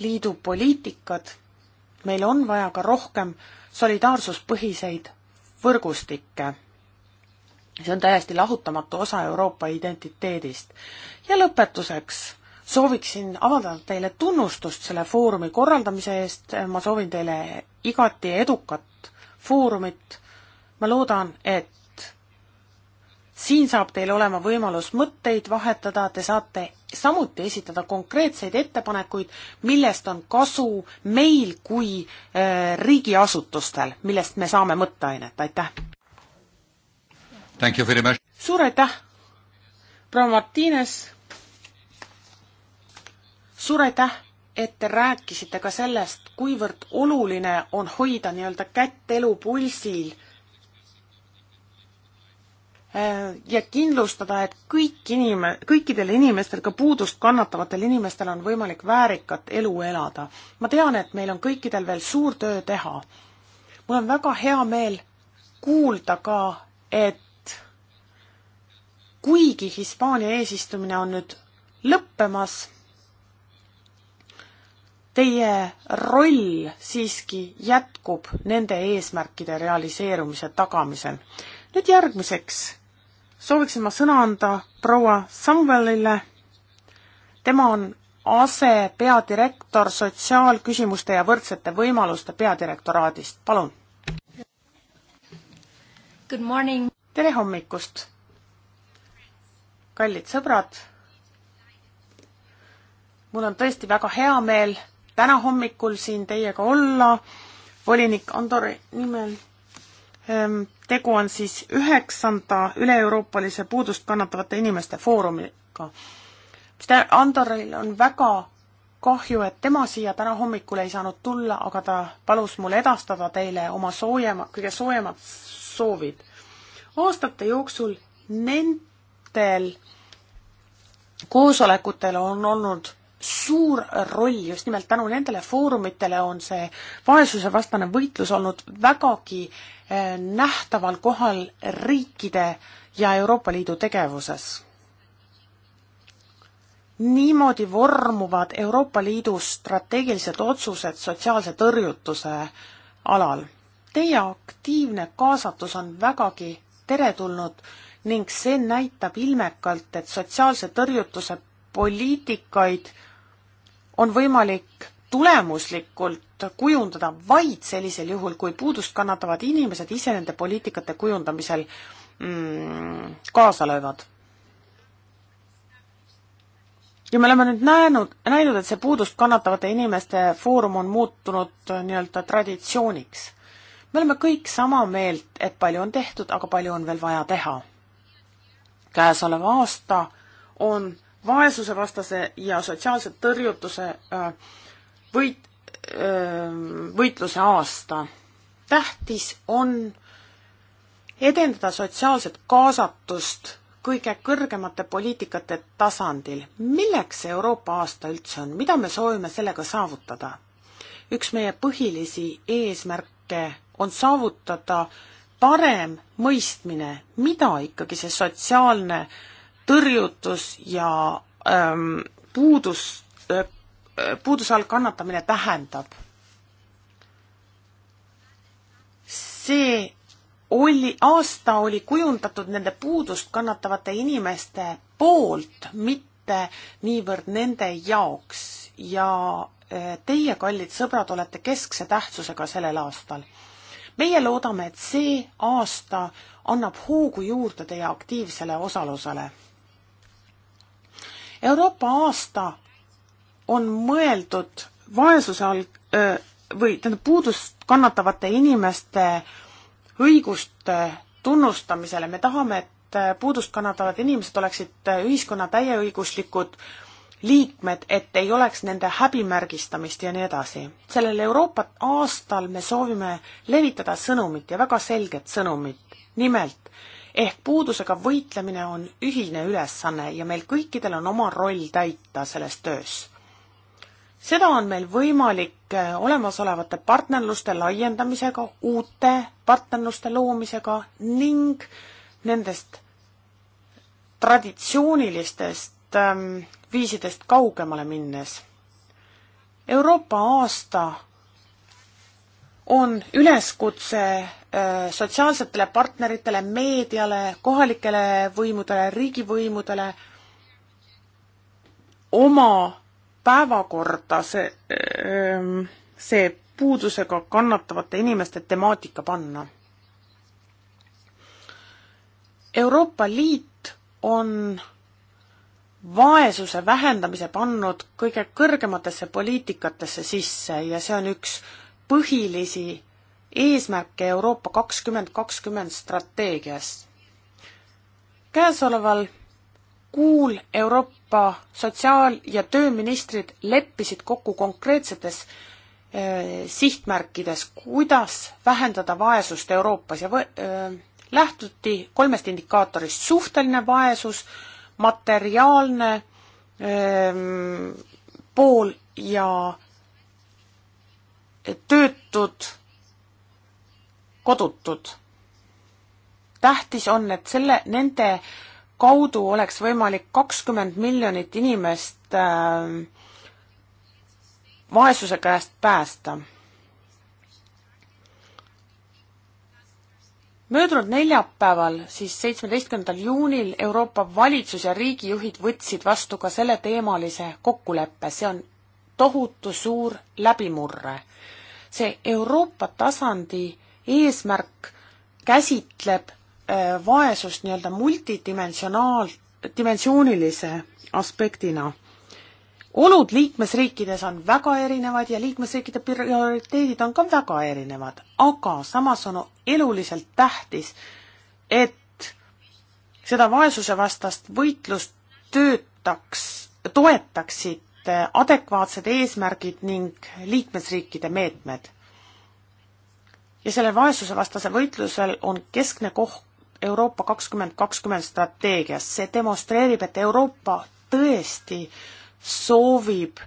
S3: Liidu poliitikad, meil on vaja ka rohkem solidaarsuspõhiseid võrgustikke see on täiesti lahutamatu osa Euroopa identiteedist. ja lõpetuseks sooviksin avaldada teile tunnustust selle foorumi korraldamise eest, ma soovin teile igati edukat foorumit, ma loodan, et siin saab teil olema võimalus mõtteid vahetada, te saate samuti esitada konkreetseid ettepanekuid, millest on kasu meil kui äh, riigiasutustel, millest me saame mõtteainet, aitäh! suur aitäh, proua Martines. suur aitäh, et te rääkisite ka sellest, kuivõrd oluline on hoida nii-öelda kätt elu pulsil ja kindlustada, et kõik inim-, kõikidel inimestel, ka puudust kannatavatel inimestel on võimalik väärikat elu elada. ma tean, et meil on kõikidel veel suur töö teha. mul on väga hea meel kuulda ka, et kuigi Hispaania eesistumine on nüüd lõppemas, teie roll siiski jätkub nende eesmärkide realiseerumise tagamisel. nüüd järgmiseks sooviksin ma sõna anda proua Samuelile. tema on asepeadirektor sotsiaalküsimuste ja võrdsete võimaluste peadirektoraadist, palun. tere hommikust! kallid sõbrad, mul on tõesti väga hea meel täna hommikul siin teiega olla, volinik Andori nimel. Ehm, tegu on siis üheksanda üle-euroopalise puudust kannatavate inimeste foorumiga. Andoril on väga kahju, et tema siia täna hommikul ei saanud tulla, aga ta palus mul edastada teile oma soojema, kõige soojemad soovid. aastate jooksul nend-, mitmetel koosolekutel on olnud suur roll, just nimelt tänu nendele foorumitele on see vaesusevastane võitlus olnud vägagi eh, nähtaval kohal riikide ja Euroopa Liidu tegevuses. niimoodi vormuvad Euroopa Liidu strateegilised otsused sotsiaalse tõrjutuse alal. Teie aktiivne kaasatus on vägagi teretulnud ning see näitab ilmekalt, et sotsiaalse tõrjutuse poliitikaid on võimalik tulemuslikult kujundada vaid sellisel juhul, kui puudust kannatavad inimesed ise nende poliitikate kujundamisel mm, kaasa löövad. ja me oleme nüüd näinud, näinud, et see puudust kannatavate inimeste foorum on muutunud äh, nii-öelda traditsiooniks. me oleme kõik sama meelt, et palju on tehtud, aga palju on veel vaja teha käesolev aasta on vaesusevastase ja sotsiaalse tõrjutuse äh, võit, äh, võitluse aasta. tähtis on edendada sotsiaalset kaasatust kõige kõrgemate poliitikate tasandil. milleks see Euroopa aasta üldse on, mida me soovime sellega saavutada? üks meie põhilisi eesmärke on saavutada parem mõistmine, mida ikkagi see sotsiaalne tõrjutus ja ähm, puudus äh,, puuduse all kannatamine tähendab. see oli, aasta oli kujundatud nende puudust kannatavate inimeste poolt, mitte niivõrd nende jaoks ja äh, teie, kallid sõbrad, olete keskse tähtsusega sellel aastal meie loodame, et see aasta annab hoogu juurde teie aktiivsele osalusele. Euroopa aasta on mõeldud vaesuse all või tähendab puudust kannatavate inimeste õiguste tunnustamisele, me tahame, et puudust kannatavad inimesed oleksid ühiskonna täieõiguslikud äh, liikmed, et ei oleks nende häbimärgistamist ja nii edasi. sellel Euroopa aastal me soovime levitada sõnumit ja väga selget sõnumit. nimelt, ehk puudusega võitlemine on ühine ülesanne ja meil kõikidel on oma roll täita selles töös. seda on meil võimalik eh, olemasolevate partnerluste laiendamisega, uute partnerluste loomisega ning nendest traditsioonilistest ähm, viisidest kaugemale minnes. Euroopa aasta on üleskutse äh, sotsiaalsetele partneritele, meediale, kohalikele võimudele, riigivõimudele oma päevakorda see, ähm, see puudusega kannatavate inimeste temaatika panna. Euroopa Liit on vaesuse vähendamise pannud kõige kõrgematesse poliitikatesse sisse ja see on üks põhilisi eesmärke Euroopa kakskümmend kakskümmend strateegias. käesoleval kuul Euroopa sotsiaal- ja tööministrid leppisid kokku konkreetsetes äh, sihtmärkides, kuidas vähendada vaesust Euroopas ja võ, äh, lähtuti kolmest indikaatorist, suhteline vaesus äh,, materiaalne ähm, pool ja töötud, kodutud. tähtis on, et selle, nende kaudu oleks võimalik kakskümmend miljonit inimest äh, vaesuse käest päästa möödunud neljapäeval, siis seitsmeteistkümnendal juunil Euroopa valitsus ja riigijuhid võtsid vastu ka selleteemalise kokkuleppe, see on tohutu suur läbimurre. see Euroopa tasandi eesmärk käsitleb äh, vaesust nii-öelda multidimensionaal-, dimensioonilise aspektina olud liikmesriikides on väga erinevad ja liikmesriikide prioriteedid on ka väga erinevad, aga samas on eluliselt tähtis, et seda vaesusevastast võitlust töötaks, toetaksid adekvaatsed eesmärgid ning liikmesriikide meetmed. ja sellel vaesusevastase võitlusel on keskne koht Euroopa kakskümmend kakskümmend strateegias, see demonstreerib, et Euroopa tõesti äh, soovib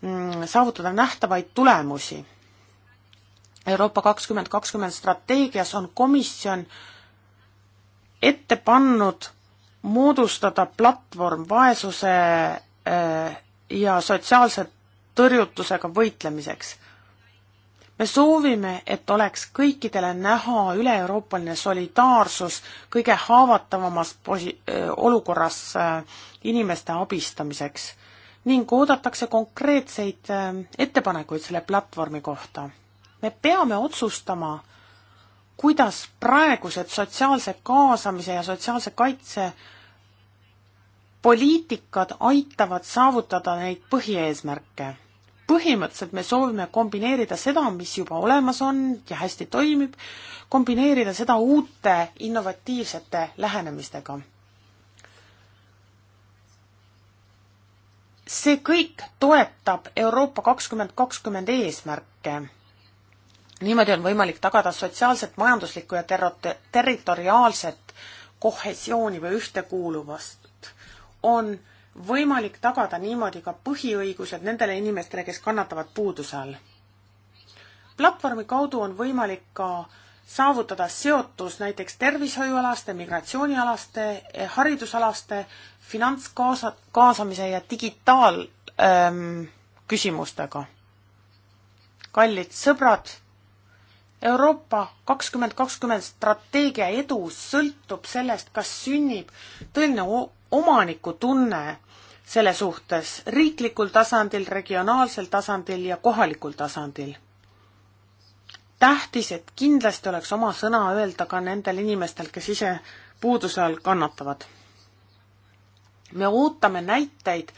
S3: mm, saavutada nähtavaid tulemusi. Euroopa kakskümmend kakskümmend strateegias on komisjon ette pannud moodustada platvorm vaesuse eh, ja sotsiaalse tõrjutusega võitlemiseks. me soovime, et oleks kõikidele näha üle-euroopaline solidaarsus kõige haavatavamas posi-, eh, olukorras eh, inimeste abistamiseks ning oodatakse konkreetseid äh, ettepanekuid selle platvormi kohta. me peame otsustama, kuidas praegused sotsiaalse kaasamise ja sotsiaalse kaitse poliitikad aitavad saavutada neid põhieesmärke. põhimõtteliselt me soovime kombineerida seda, mis juba olemas on ja hästi toimib, kombineerida seda uute innovatiivsete lähenemistega see kõik toetab Euroopa kakskümmend kakskümmend eesmärke. niimoodi on võimalik tagada sotsiaalset, majanduslikku ja terro-, territoriaalset kohesiooni või ühtekuuluvust. on võimalik tagada niimoodi ka põhiõigused nendele inimestele, kes kannatavad puuduse all. platvormi kaudu on võimalik ka saavutada seotus näiteks tervishoiualaste, migratsioonialaste, eh, haridusalaste, finantskaasa, kaasamise ja digitaalküsimustega ehm, ähm,. kallid sõbrad, Euroopa kakskümmend kakskümmend strateegia edu sõltub sellest, kas sünnib tõeline omanikutunne selle suhtes riiklikul tasandil, regionaalsel tasandil ja kohalikul tasandil tähtis, et kindlasti oleks oma sõna öelda ka nendel inimestel, kes ise puuduse all kannatavad. me ootame näiteid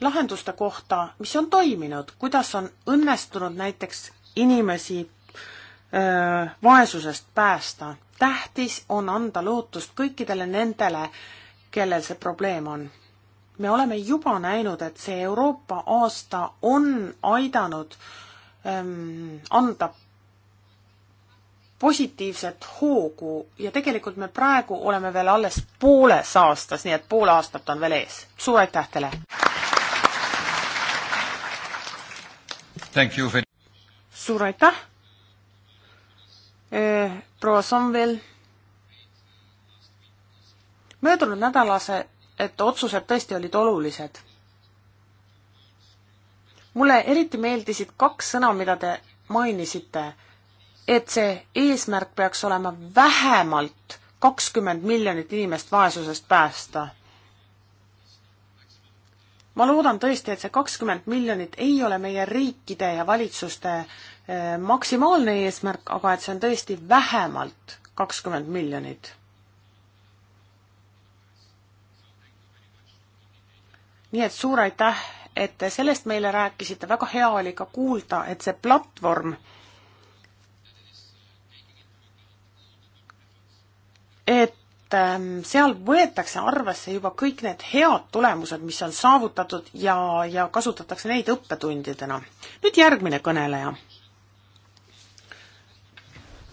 S3: lahenduste kohta, mis on toiminud, kuidas on õnnestunud näiteks inimesi öö, vaesusest päästa. tähtis on anda lootust kõikidele nendele, kellel see probleem on. me oleme juba näinud, et see Euroopa aasta on aidanud öö, anda positiivset hoogu ja tegelikult me praegu oleme veel alles pooles aastas, nii et pool aastat on veel ees. suur aitäh teile! suur aitäh! proua Somvel, möödunud nädalase, et otsused tõesti olid olulised. mulle eriti meeldisid kaks sõna, mida te mainisite et see eesmärk peaks olema vähemalt kakskümmend miljonit inimest vaesusest päästa. ma loodan tõesti, et see kakskümmend miljonit ei ole meie riikide ja valitsuste eh, maksimaalne eesmärk, aga et see on tõesti vähemalt kakskümmend miljonit. nii et suur aitäh, et te sellest meile rääkisite, väga hea oli ka kuulda, et see platvorm, et ähm, seal võetakse arvesse juba kõik need head tulemused, mis on saavutatud ja, ja kasutatakse neid õppetundidena. nüüd järgmine kõneleja.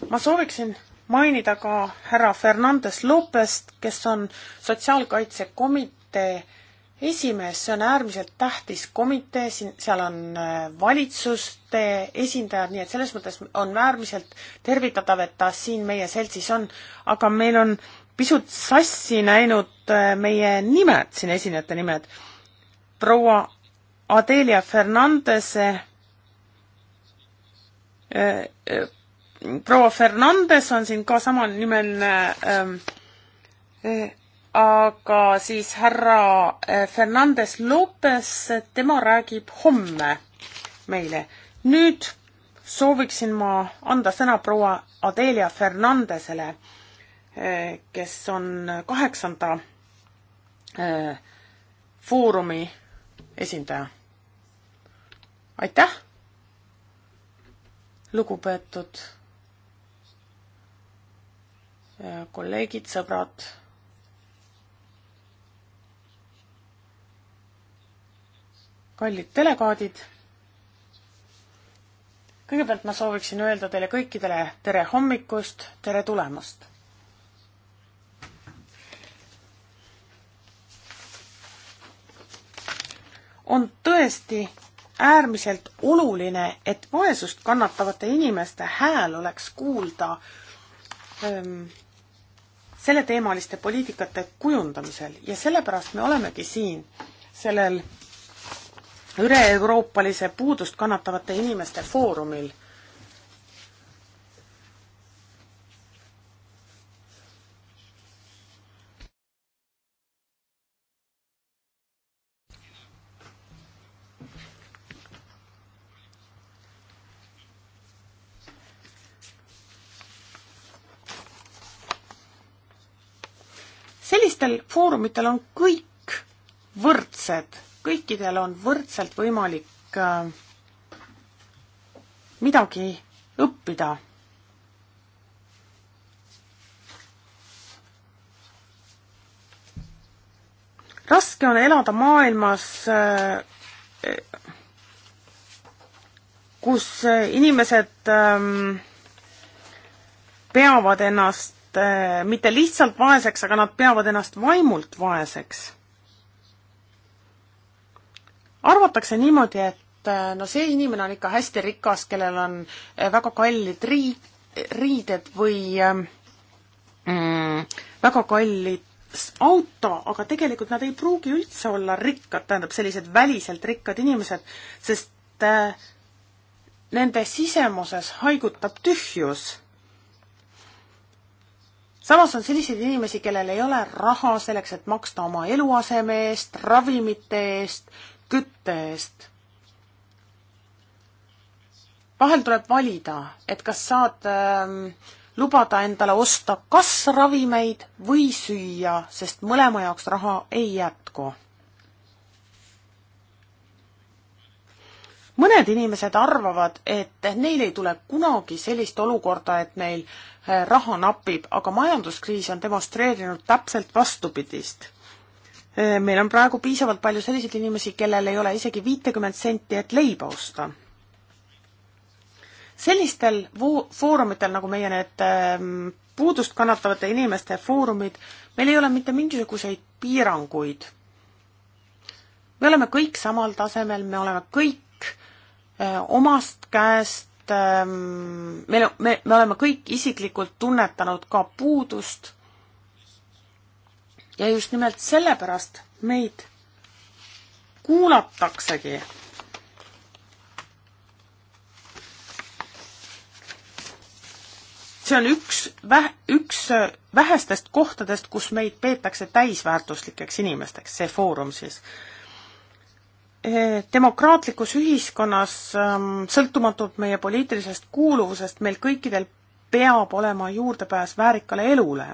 S3: ma sooviksin mainida ka härra Fernandes Lopest, kes on Sotsiaalkaitsekomitee esimees, see on äärmiselt tähtis komitee, siin, seal on äh, valitsuste esindajad, nii et selles mõttes on äärmiselt tervitatav, et ta siin meie seltsis on, aga meil on pisut sassi näinud äh, meie nimed, siin esinejate nimed. proua Adelia Fernandese äh, proua Fernandes on siin ka samanimeline ähm, aga siis härra eh, Fernandes Lopes, tema räägib homme meile. nüüd sooviksin ma anda sõna proua Adelia Fernandesele, eh, kes on kaheksanda eh, foorumi esindaja. aitäh, lugupeetud kolleegid, sõbrad kallid delegaadid, kõigepealt ma sooviksin öelda teile kõikidele tere hommikust, tere tulemast! on tõesti äärmiselt oluline, et vaesust kannatavate inimeste hääl oleks kuulda ähm, selleteemaliste poliitikate kujundamisel ja sellepärast me olemegi siin sellel üle-euroopalise puudust kannatavate inimeste foorumil. sellistel foorumitel on kõik võrdsed kõikidel on võrdselt võimalik äh, midagi õppida. raske on elada maailmas, äh, kus inimesed äh, peavad ennast mitte lihtsalt vaeseks, aga nad peavad ennast vaimult vaeseks arvatakse niimoodi, et äh, no see inimene on ikka hästi rikas, kellel on äh, väga kallid riid, riided või ähm, mm, väga kallid auto, aga tegelikult nad ei pruugi üldse olla rikkad, tähendab sellised väliselt rikkad inimesed, sest äh, nende sisemuses haigutab tühjus samas on selliseid inimesi, kellel ei ole raha selleks, et maksta oma eluaseme eest, ravimite eest, kütte eest. vahel tuleb valida, et kas saad äh, lubada endale osta kas ravimeid või süüa, sest mõlema jaoks raha ei jätku. mõned inimesed arvavad, et neil ei tule kunagi sellist olukorda, et neil äh, raha napib, aga majanduskriis on demonstreerinud täpselt vastupidist Eh, meil on praegu piisavalt palju selliseid inimesi, kellel ei ole isegi viitekümmet senti, et leiba osta. sellistel vo-, foorumitel, nagu meie need ehm, puudust kannatavate inimeste foorumid, meil ei ole mitte mingisuguseid piiranguid. me oleme kõik samal tasemel, me oleme kõik öö, eh, omast käest, ehm, meil, me, me oleme kõik isiklikult tunnetanud ka puudust ja just nimelt sellepärast meid kuulataksegi. see on üks vähe, üks äh, vähestest kohtadest, kus meid peetakse täisväärtuslikeks inimesteks, see foorum siis. demokraatlikus ühiskonnas, ähm, sõltumatult meie poliitilisest kuuluvusest, meil kõikidel peab olema juurdepääs väärikale elule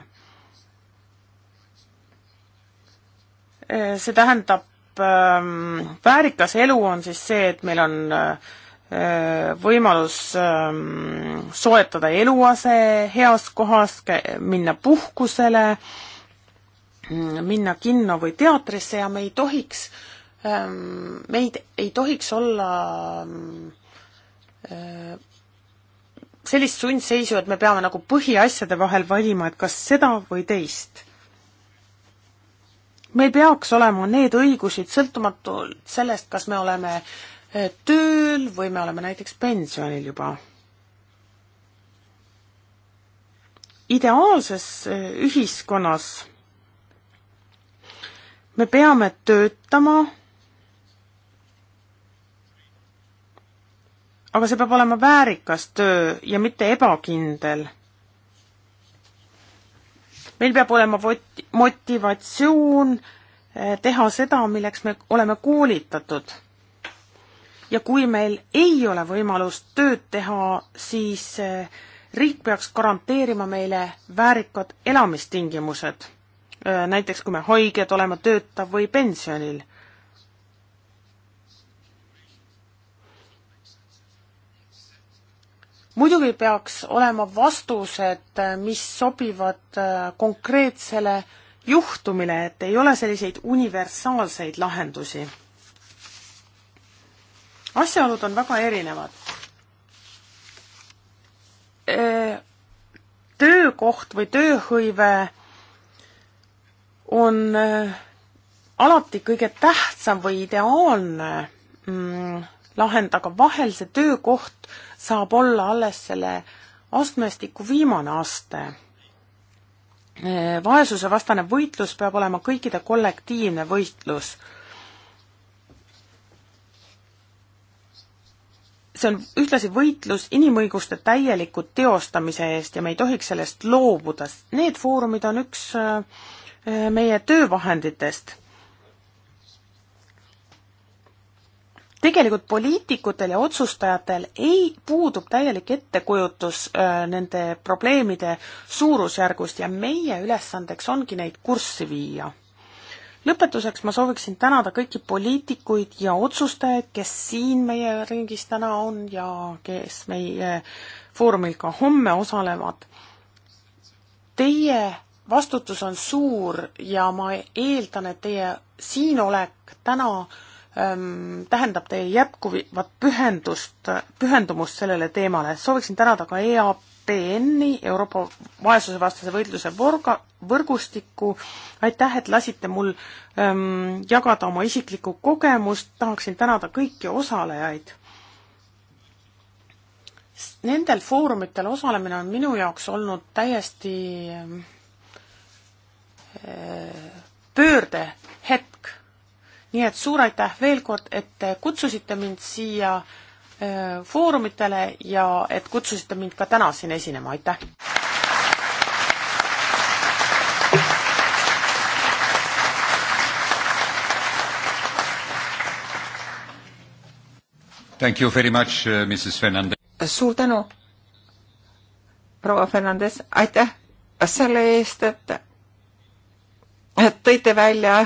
S3: see tähendab, ähm, väärikas elu on siis see, et meil on äh, võimalus ähm, soetada eluase heas kohas, minna puhkusele, mm, minna kinno või teatrisse ja me ei tohiks, ähm, meid ei tohiks olla mm, äh, sellist sundseisu, et me peame nagu põhiasjade vahel valima, et kas seda või teist meil peaks olema need õigused sõltumatult sellest, kas me oleme eh, tööl või me oleme näiteks pensionil juba. ideaalses eh, ühiskonnas me peame töötama, aga see peab olema väärikas töö ja mitte ebakindel meil peab olema motivatsioon eh, teha seda, milleks me oleme koolitatud. ja kui meil ei ole võimalust tööd teha, siis eh, riik peaks garanteerima meile väärikad elamistingimused. Eh, näiteks kui me haiged oleme, töötav või pensionil muidugi peaks olema vastused, äh, mis sobivad äh, konkreetsele juhtumile, et ei ole selliseid universaalseid lahendusi. asjaolud on väga erinevad. Äh, töökoht või tööhõive on alati kõige tähtsam või ideaalne mm, lahend, aga vahel see töökoht saab olla alles selle astmestiku viimane aste. vaesusevastane võitlus peab olema kõikide kollektiivne võitlus. see on ühtlasi võitlus inimõiguste täieliku teostamise eest ja me ei tohiks sellest loobuda. Need foorumid on üks äh, meie töövahenditest tegelikult poliitikutel ja otsustajatel ei, puudub täielik ettekujutus öö, äh, nende probleemide suurusjärgust ja meie ülesandeks ongi neid kurssi viia. lõpetuseks ma sooviksin tänada kõiki poliitikuid ja otsustajaid, kes siin meie ringis täna on ja kes meie foorumil ka homme osalevad. Teie vastutus on suur ja ma eeldan, et teie siinolek täna ähm, tähendab teie jätkuvat pühendust, pühendumust sellele teemale. sooviksin tänada ka EAPN-i, Euroopa vaesusevastase võitluse vorga, võrgustikku. aitäh, et lasite mul ähm, jagada oma isiklikku kogemust, tahaksin tänada kõiki osalejaid. Nendel foorumitel osalemine on minu jaoks olnud täiesti ähm, äh, pöördehetk nii et suur aitäh veel kord, et te kutsusite mind siia äh, foorumitele ja et kutsusite mind ka täna siin esinema, aitäh!
S2: Thank you very much, uh, Mrs Fernandez.
S1: suur tänu, proua Fernandez, aitäh selle eest, et, et tõite välja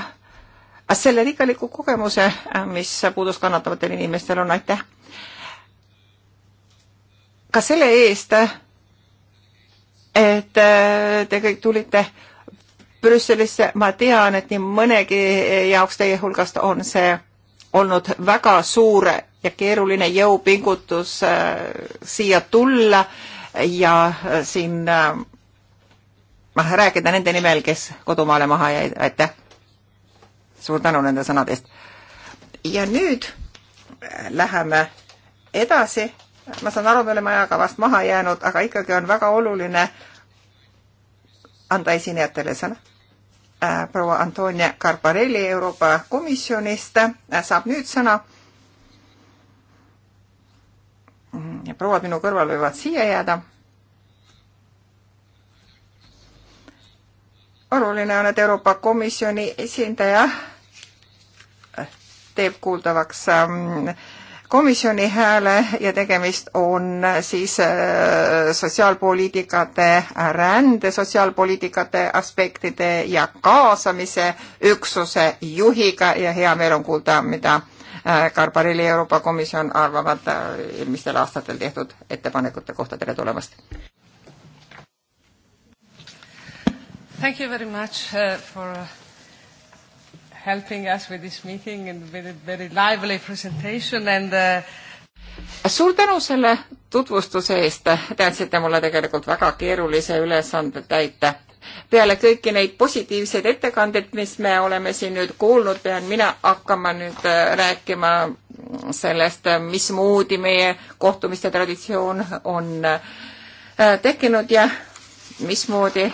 S1: selle rikkaliku kogemuse, mis puudust kannatavatel inimestel on, aitäh! ka selle eest, et te kõik tulite Brüsselisse, ma tean, et nii mõnegi jaoks teie hulgast on see olnud väga suur ja keeruline jõupingutus äh, siia tulla ja äh, siin äh, rääkida nende nimel, kes kodumaale maha jäid, aitäh! suur tänu nende sõnade eest. ja nüüd äh, läheme edasi. ma saan aru, me oleme ajaga vast maha jäänud, aga ikkagi on väga oluline anda esinejatele sõna. Äh, proua Antonia Carparelli Euroopa Komisjonist äh, saab nüüd sõna. Mm, prouad minu kõrval võivad siia jääda oluline on, et Euroopa Komisjoni esindaja teeb kuuldavaks ähm, komisjoni hääle ja tegemist on siis äh, sotsiaalpoliitikate, rände sotsiaalpoliitikate aspektide ja kaasamise üksuse juhiga ja hea meel on kuulda, mida äh, Karbarili Euroopa Komisjon arvavad äh, eelmistel aastatel tehtud ettepanekute kohta. tere tulemast!
S3: Thank you very much uh, for uh, helping us with this meeting and with a very lively presentation and uh,
S1: suur tänu selle tutvustuse eest, te andsite mulle tegelikult väga keerulise ülesande täita. peale kõiki neid positiivseid ettekandeid, mis me oleme siin nüüd kuulnud, pean mina hakkama nüüd äh, rääkima sellest, äh, mismoodi meie kohtumiste traditsioon on äh, tekkinud ja mismoodi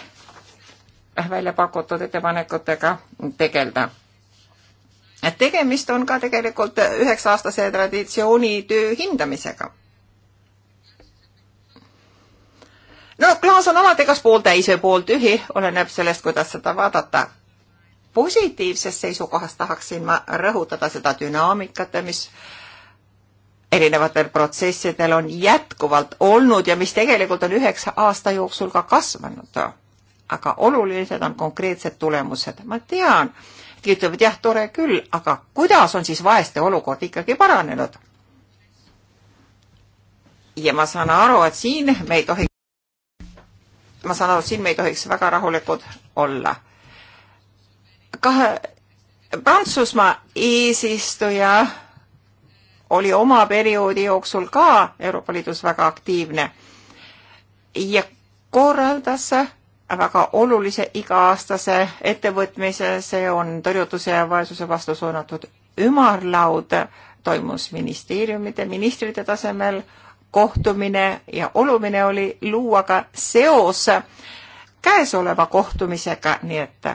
S1: välja pakutud ettepanekutega tegeleda. et tegemist on ka tegelikult üheksa-aastase traditsiooni töö hindamisega. no klaas on alati kas pooltäis või pooltühi, oleneb sellest, kuidas seda vaadata. positiivsest seisukohast tahaksin ma rõhutada seda dünaamikat, mis erinevatel protsessidel on jätkuvalt olnud ja mis tegelikult on üheksa aasta jooksul ka kasvanud aga olulised on konkreetsed tulemused. ma tean, et kõik ütlevad jah, tore küll, aga kuidas on siis vaeste olukord ikkagi paranenud? ja ma saan aru, et siin me ei tohi, ma saan aru, et siin me ei tohiks väga rahulikud olla. kahe, Prantsusmaa eesistuja oli oma perioodi jooksul ka Euroopa Liidus väga aktiivne ja korraldas väga olulise iga-aastase ettevõtmise, see on tõrjutuse ja vaesuse vastu suunatud ümarlaud, toimus ministeeriumide, ministrite tasemel kohtumine ja oluline oli luua ka seos käesoleva kohtumisega, nii et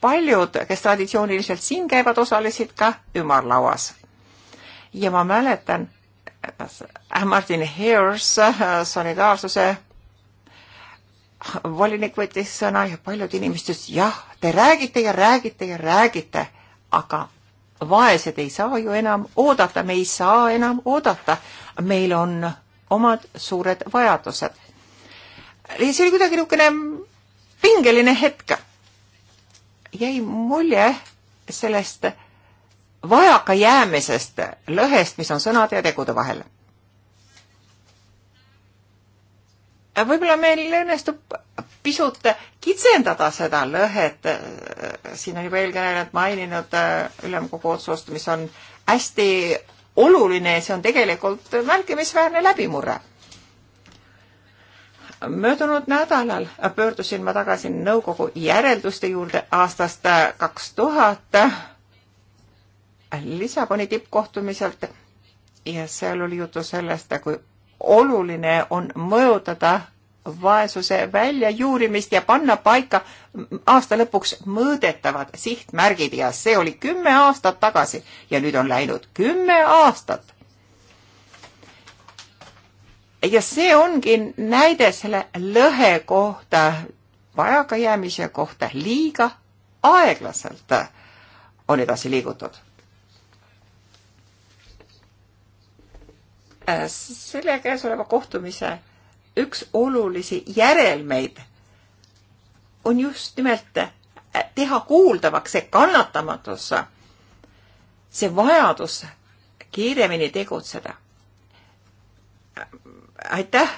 S1: paljud, kes traditsiooniliselt siin käivad, osalesid ka ümarlauas. ja ma mäletan, Martin Hears solidaarsuse volinik võttis sõna ja paljud inimesed ütlesid, jah, te räägite ja räägite ja räägite, aga vaesed ei saa ju enam oodata, me ei saa enam oodata. meil on omad suured vajadused. ja see oli kuidagi niisugune pingeline hetk. jäi mulje sellest vajakajäämisest, lõhest, mis on sõnade ja tegude vahel Äh, võib-olla meil õnnestub pisut kitsendada seda lõhet, äh, siin on juba eelkõnelejad maininud äh, ülemkogu otsust, mis on hästi oluline ja see on tegelikult märkimisväärne läbimurre. möödunud nädalal pöördusin ma tagasi nõukogu järelduste juurde aastast kaks tuhat Lissaboni tippkohtumiselt ja seal oli juttu sellest, kui oluline on mõjutada vaesuse väljajuurimist ja panna paika aasta lõpuks mõõdetavad sihtmärgid ja see oli kümme aastat tagasi ja nüüd on läinud kümme aastat. ja see ongi näide selle lõhe kohta, vajakajäämise kohta, liiga aeglaselt on edasi liigutud Äh, selle käesoleva kohtumise üks olulisi järelmeid on just nimelt äh, teha kuuldavaks see kannatamatus, see vajadus kiiremini tegutseda. Äh, aitäh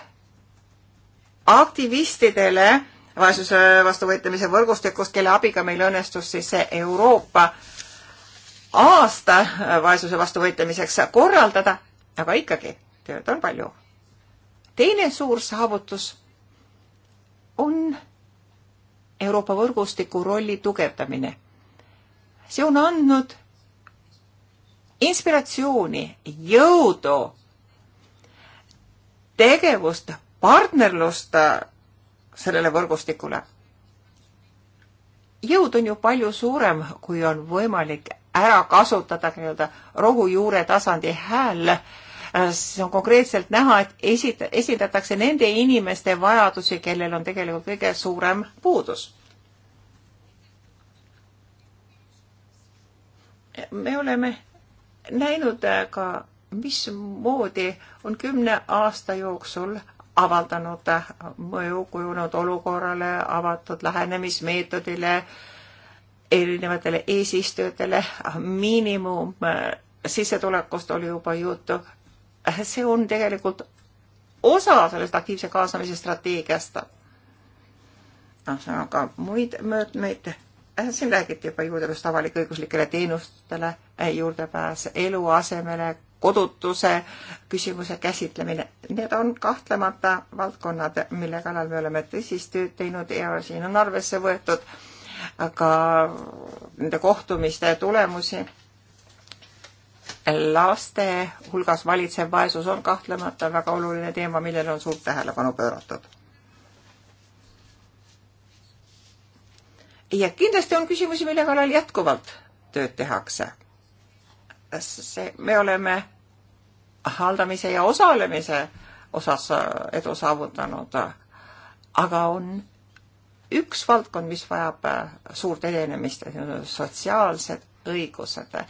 S1: aktivistidele vaesuse vastu võitlemise võrgustikust, kelle abiga meil õnnestus siis see Euroopa aasta vaesuse vastu võitlemiseks korraldada aga ikkagi, tööd on palju. teine suur saavutus on Euroopa võrgustiku rolli tugevdamine. see on andnud inspiratsiooni, jõudu, tegevust, partnerlust äh, sellele võrgustikule. jõud on ju palju suurem, kui on võimalik ära kasutada nii-öelda rohujuure tasandi hääl äh, Äh, siis on konkreetselt näha, et esita-, esindatakse nende inimeste vajadusi, kellel on tegelikult kõige suurem puudus. me oleme näinud äh, ka, mismoodi on kümne aasta jooksul avaldanud äh, mõju kujunenud olukorrale, avatud lähenemismeetodile, erinevatele eesistujatele, miinimum sissetulekust oli juba juttu see on tegelikult osa sellest aktiivse kaasamise strateegiast. ühesõnaga muid mõõtmeid, siin räägiti juba juurdepääs avalik-õiguslikele teenustele, juurdepääs eluasemele, kodutuse küsimuse käsitlemine, need on kahtlemata valdkonnad, mille kallal me oleme tõsist tööd teinud ja siin on arvesse võetud ka nende kohtumiste tulemusi laste hulgas valitsev vaesus on kahtlemata väga oluline teema, millele on suurt tähelepanu pööratud. ja kindlasti on küsimusi, mille kallal jätkuvalt tööd tehakse. see, me oleme haldamise ja osalemise osas äh, edu saavutanud, aga on üks valdkond, mis vajab äh, suurt edenemist, sotsiaalsed õigused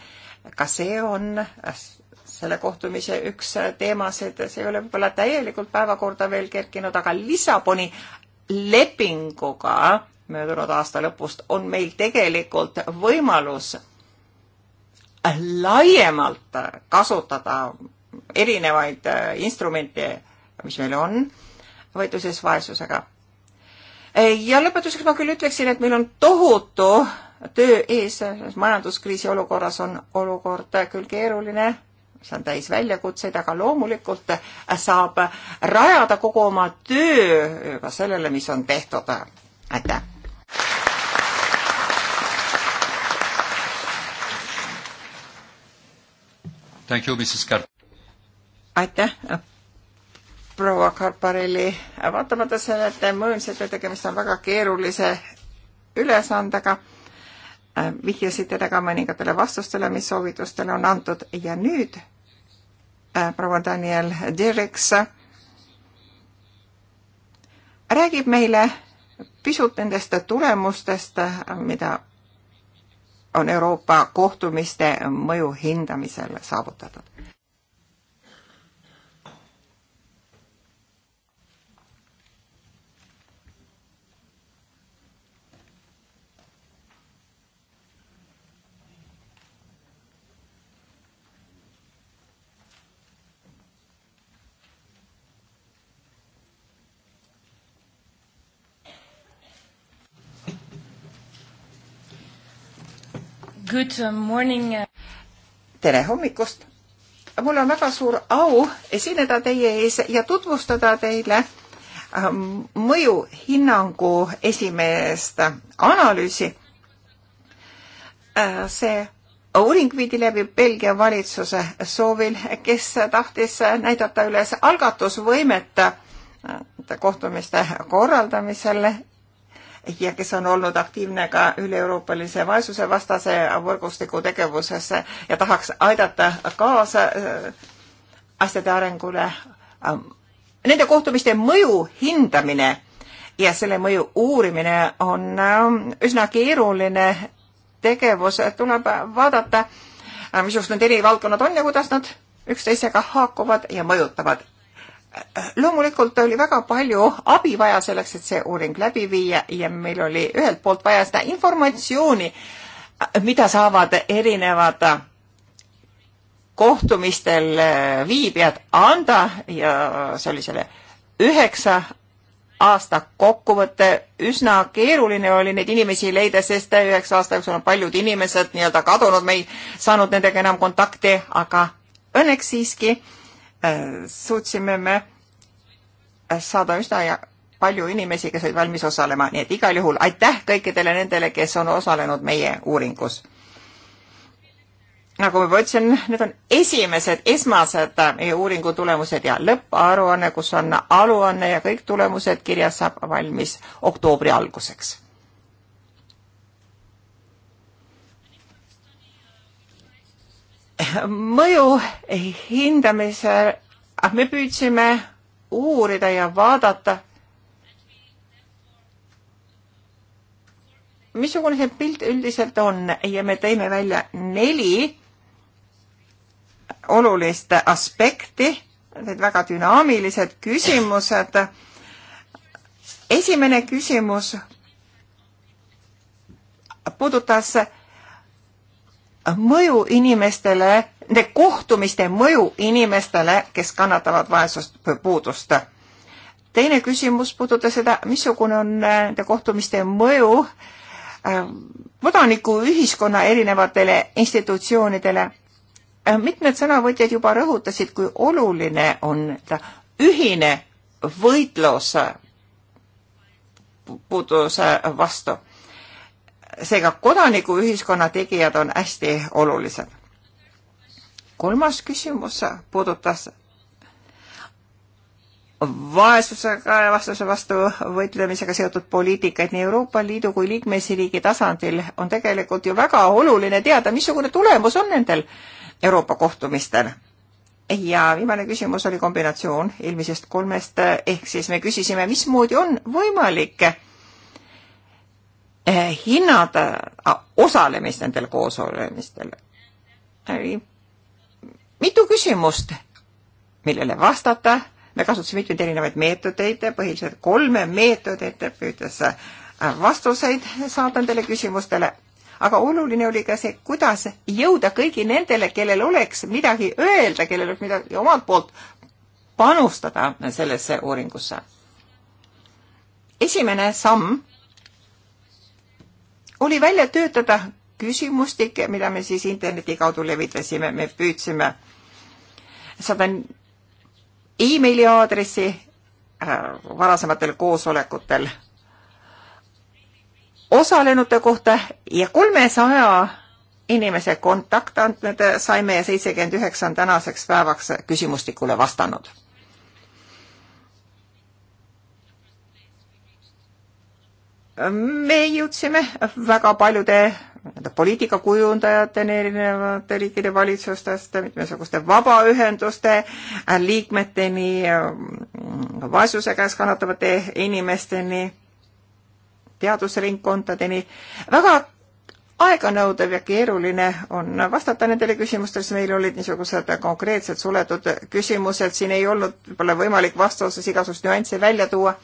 S1: ka see on äh, selle kohtumise üks äh, teemasid, see ei ole võib-olla täielikult päevakorda veel kerkinud, aga Lissaboni lepinguga möödunud aasta lõpust on meil tegelikult võimalus laiemalt kasutada erinevaid äh, instrumente, mis meil on võitluses vaesusega. ja lõpetuseks ma küll ütleksin, et meil on tohutu töö ees, majanduskriisi olukorras on olukord küll keeruline, see on täis väljakutseid, aga loomulikult saab rajada kogu oma töö ka sellele, mis on tehtud. aitäh! aitäh, proua Karparelli, vaatamata sellele, et te mõõnsite, tegemist on väga keerulise ülesandega vihjasite te ka mõningatele vastustele, mis soovitustele on antud ja nüüd äh, proua Daniel Direks räägib meile pisut nendest tulemustest, mida on Euroopa kohtumiste mõju hindamisel saavutatud Good morning. tere hommikust. mul on väga suur au esineda teie ees ja tutvustada teile ähm, mõjuhinnangu esimest analüüsi. Äh, see uuring viidi läbi Belgia valitsuse soovil, kes tahtis näidata üles algatusvõimet äh, kohtumiste korraldamisel ja kes on olnud aktiivne ka üle-euroopalise vaesusevastase võrgustiku tegevuses ja tahaks aidata kaasa äh, asjade arengule. Ähm, nende kohtumiste mõju hindamine ja selle mõju uurimine on ähm, üsna keeruline tegevus, tuleb vaadata, äh, missugused need eri valdkonnad on ja kuidas nad üksteisega haakuvad ja mõjutavad loomulikult oli väga palju abi vaja selleks, et see uuring läbi viia ja meil oli ühelt poolt vaja seda informatsiooni, mida saavad erinevad kohtumistel viibijad anda ja see oli selle üheksa aasta kokkuvõte. üsna keeruline oli neid inimesi leida, sest üheksa aasta jooksul on paljud inimesed nii-öelda kadunud, me ei saanud nendega enam kontakti, aga õnneks siiski äh, suutsime me saada üsna palju inimesi, kes olid valmis osalema, nii et igal juhul aitäh kõikidele nendele, kes on osalenud meie uuringus. nagu ma juba ütlesin, need on esimesed, esmased meie uuringu tulemused ja lõpparuanne, kus on aluanne ja kõik tulemused kirjas, saab valmis oktoobri alguseks mõju hindamisel ah, me püüdsime uurida ja vaadata, missugune see pilt üldiselt on ja me tõime välja neli olulist aspekti, need väga dünaamilised küsimused. esimene küsimus puudutas mõju inimestele, nende kohtumiste mõju inimestele, kes kannatavad vaesust või puudust. teine küsimus puudutas seda, missugune on äh, nende kohtumiste mõju äh, kodanikuühiskonna erinevatele institutsioonidele. Äh, mitmed sõnavõtjad juba rõhutasid, kui oluline on ühine võitlus puuduse vastu seega kodanikuühiskonna tegijad on hästi olulised. kolmas küsimus puudutas vaesusega ja vastuse vastu võitlemisega seotud poliitikaid nii Euroopa Liidu kui liikmesriigi tasandil on tegelikult ju väga oluline teada, missugune tulemus on nendel Euroopa kohtumistel. ja viimane küsimus oli kombinatsioon eelmisest kolmest, ehk siis me küsisime, mismoodi on võimalik Eh, hinnata eh, osalemist nendel koosolemistel. mitu küsimust, millele vastata, me kasutasime mitmeid erinevaid meetodeid, põhiliselt kolme meetodit, püüdes eh, vastuseid saada nendele küsimustele, aga oluline oli ka see, kuidas jõuda kõigi nendele, kellel oleks midagi öelda, kellel oleks midagi omalt poolt panustada sellesse uuringusse. esimene samm oli välja töötada küsimustik, mida me siis interneti kaudu levitasime, me püüdsime saada emaili aadressi äh, varasematel koosolekutel osalenute kohta ja kolmesaja inimese kontaktandmed saime ja seitsekümmend üheksa on tänaseks päevaks küsimustikule vastanud me jõudsime väga paljude nii-öelda poliitikakujundajateni, erinevate riikide valitsustest, mitmesuguste vabaühenduste liikmeteni, vaesuse käes kannatavate inimesteni, teadusringkondadeni. väga aeganõudev ja keeruline on vastata nendele küsimustele, sest meil olid niisugused konkreetsed suletud küsimused, siin ei olnud võib-olla võimalik vastuses igasugust nüansse välja tuua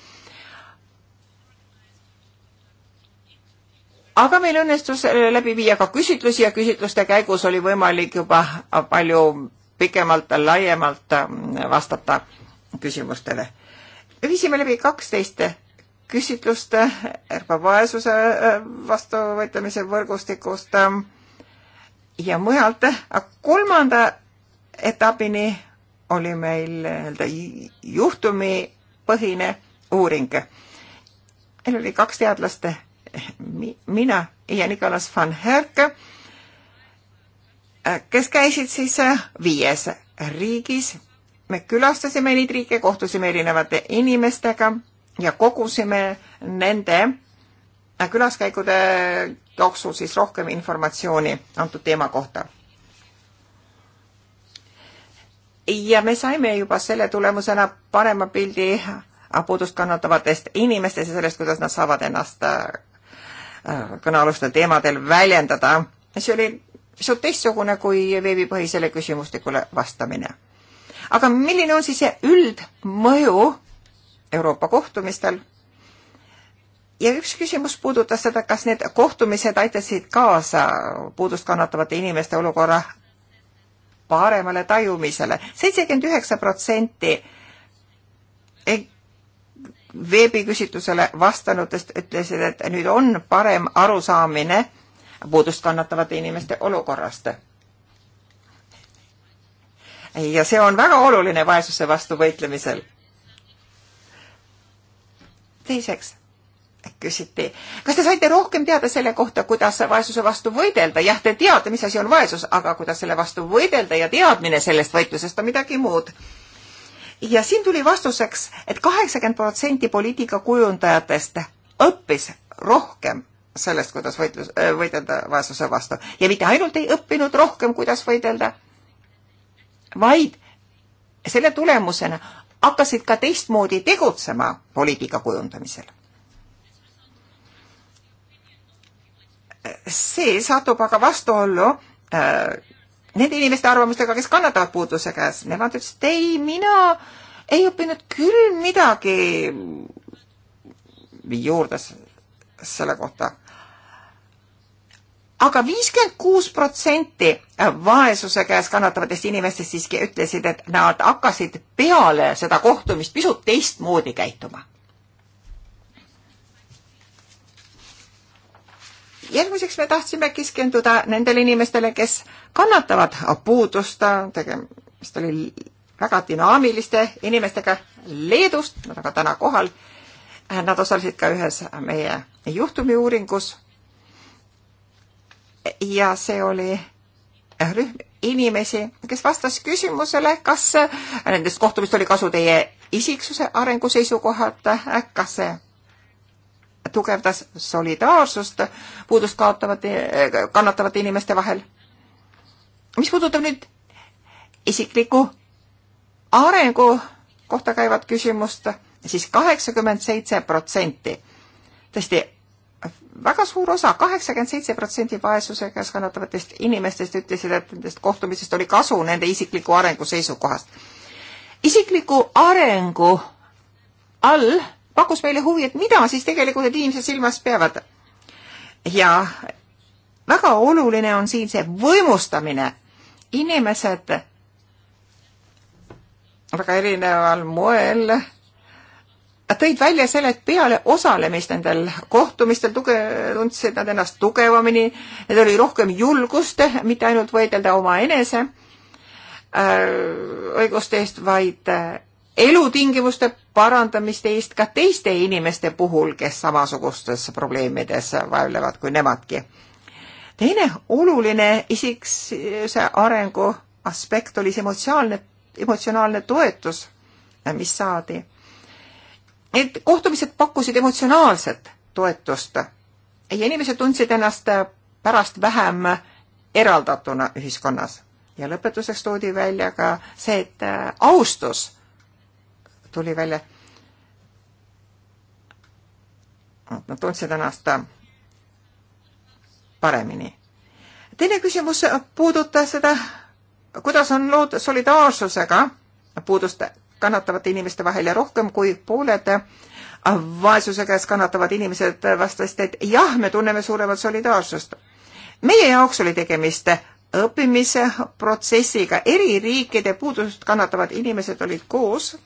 S1: aga meil õnnestus äh, läbi viia ka küsitlusi ja küsitluste käigus oli võimalik juba palju pikemalt, laiemalt ähm, vastata küsimustele. viisime läbi kaksteist küsitlust vaesuse äh, vastuvõtmise võrgustikust ähm, ja mujalt. kolmanda etapini oli meil nii-öelda juhtumipõhine uuring. meil oli kaks teadlaste mina ja Nikolas van Herke, äh, kes käisid siis äh, viies riigis. me külastasime neid riike, kohtusime erinevate inimestega ja kogusime nende äh, külaskäigude jooksul siis rohkem informatsiooni antud teema kohta ja me saime juba selle tulemusena parema pildi puudust kannatavatest inimestest ja sellest, kuidas nad saavad ennast Äh, kõnealustel teemadel väljendada. see oli pisut teistsugune kui veebipõhisele küsimustikule vastamine. aga milline on siis see üldmõju Euroopa kohtumistel? ja üks küsimus puudutas seda, kas need kohtumised aitasid kaasa puudust kannatavate inimeste olukorra paremale tajumisele. seitsekümmend üheksa protsenti veebiküsitlusele vastanutest ütlesid, et nüüd on parem arusaamine puudust kannatavate inimeste olukorrast. ja see on väga oluline vaesuse vastu võitlemisel. teiseks küsiti, kas te saite rohkem teada selle kohta, kuidas vaesuse vastu võidelda? jah, te teate, mis asi on vaesus, aga kuidas selle vastu võidelda ja teadmine sellest võitlusest on midagi muud ja siin tuli vastuseks et, et kaheksakümmend protsenti poliitikakujundajatest õppis rohkem sellest, kuidas võitlus, äh, võidelda vaesuse vastu ja mitte ainult ei õppinud rohkem, kuidas võidelda, vaid selle tulemusena hakkasid ka teistmoodi tegutsema poliitika kujundamisel. see satub aga vastuollu äh, nende inimeste arvamustega, kes kannatavad puuduse käes. Nemad ütlesid, et ei, mina ei õppinud küll midagi juurde selle kohta aga viiskümmend kuus protsenti vaesuse käes kannatavatest inimestest siiski ütlesid, et nad hakkasid peale seda kohtumist pisut teistmoodi käituma. järgmiseks me tahtsime keskenduda nendele inimestele, kes kannatavad puudust, tegemist oli väga dünaamiliste inimestega Leedust, nad on ka täna kohal. Nad osalesid ka ühes meie juhtumiuuringus. ja see oli rühm inimesi, kes vastas küsimusele, kas nendest kohtumist oli kasu teie isiksuse arengu seisukohalt, kas see tugevdas solidaarsust puudust kaotavate, kannatavate inimeste vahel. mis puudutab nüüd isikliku arengu kohta käivat küsimust, siis kaheksakümmend seitse protsenti, tõesti väga suur osa, kaheksakümmend seitse protsenti vaesuse käes kannatavatest inimestest ütlesid, et nendest kohtumisest oli kasu nende isikliku arengu seisukohast. isikliku arengu all pakkus meile huvi, et mida siis tegelikult need inimesed silmas peavad. ja väga oluline on siin see võimustamine. inimesed väga erineval moel tõid välja selle, et peale osalemist nendel kohtumistel tuge-, tundsid nad ennast tugevamini, neil oli rohkem julgust, mitte ainult võidelda omaenese äh, õiguste eest, vaid äh, elutingimuste parandamiste eest ka teiste inimeste puhul, kes samasugustes probleemides vaevlevad kui nemadki. teine oluline isiksuse arengu aspekt oli see emotsionaalne, emotsionaalne toetus, mis saadi. Need kohtumised pakkusid emotsionaalset toetust ja inimesed tundsid ennast pärast vähem eraldatuna ühiskonnas. ja lõpetuseks toodi välja ka see, et austus tuli välja, et nad tundsid ennast paremini. teine küsimus puudutas seda, kuidas on lood solidaarsusega puuduste kannatavate inimeste vahel ja rohkem kui pooled vaesuse käes kannatavad inimesed vastasid, et jah, me tunneme suuremat solidaarsust. meie jaoks oli tegemist õppimise protsessiga, eri riikide puudust kannatavad inimesed olid koos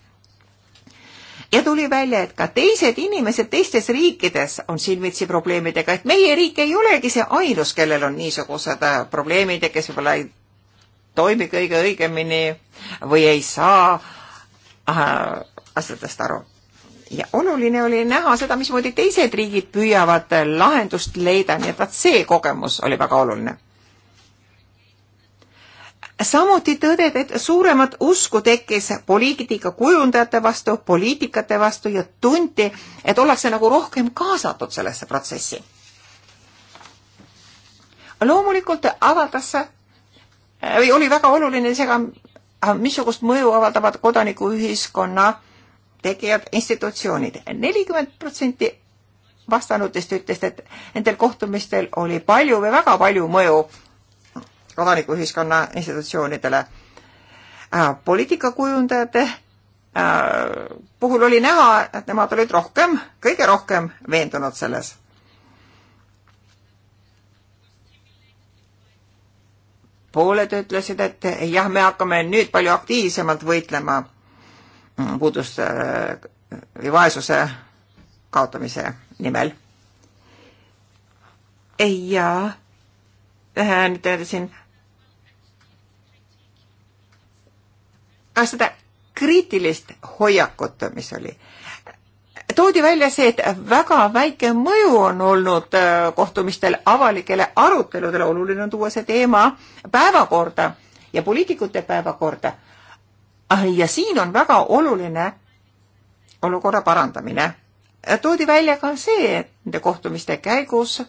S1: ja tuli välja, et ka teised inimesed teistes riikides on silmitsi probleemidega, et meie riik ei olegi see ainus, kellel on niisugused äh, probleemid ja kes võib-olla ei toimi kõige õigemini või ei saa äh, asjadest aru. ja oluline oli näha seda, mismoodi teised riigid püüavad äh, lahendust leida, nii et vaat see kogemus oli väga oluline samuti tõdeda, et suuremat usku tekkis poliitika kujundajate vastu, poliitikate vastu ja tunti, et ollakse nagu rohkem kaasatud sellesse protsessi. loomulikult avaldas või oli väga oluline see ka, missugust mõju avaldavad kodanikuühiskonna tegijad, institutsioonid. nelikümmend protsenti vastanutest ütles, et nendel kohtumistel oli palju või väga palju mõju kodanikuühiskonna institutsioonidele. Äh, poliitikakujundajate äh, puhul oli näha, et nemad olid rohkem, kõige rohkem veendunud selles. pooled ütlesid, et jah, me hakkame nüüd palju aktiivsemalt võitlema puuduste äh, või vaesuse kaotamise nimel. ja nüüd siin seda kriitilist hoiakut, mis oli. toodi välja see, et väga väike mõju on olnud äh, kohtumistel avalikele aruteludele, oluline on tuua see teema päevakorda ja poliitikute päevakorda. Ah, ja siin on väga oluline olukorra parandamine. toodi välja ka see, et nende kohtumiste käigus äh,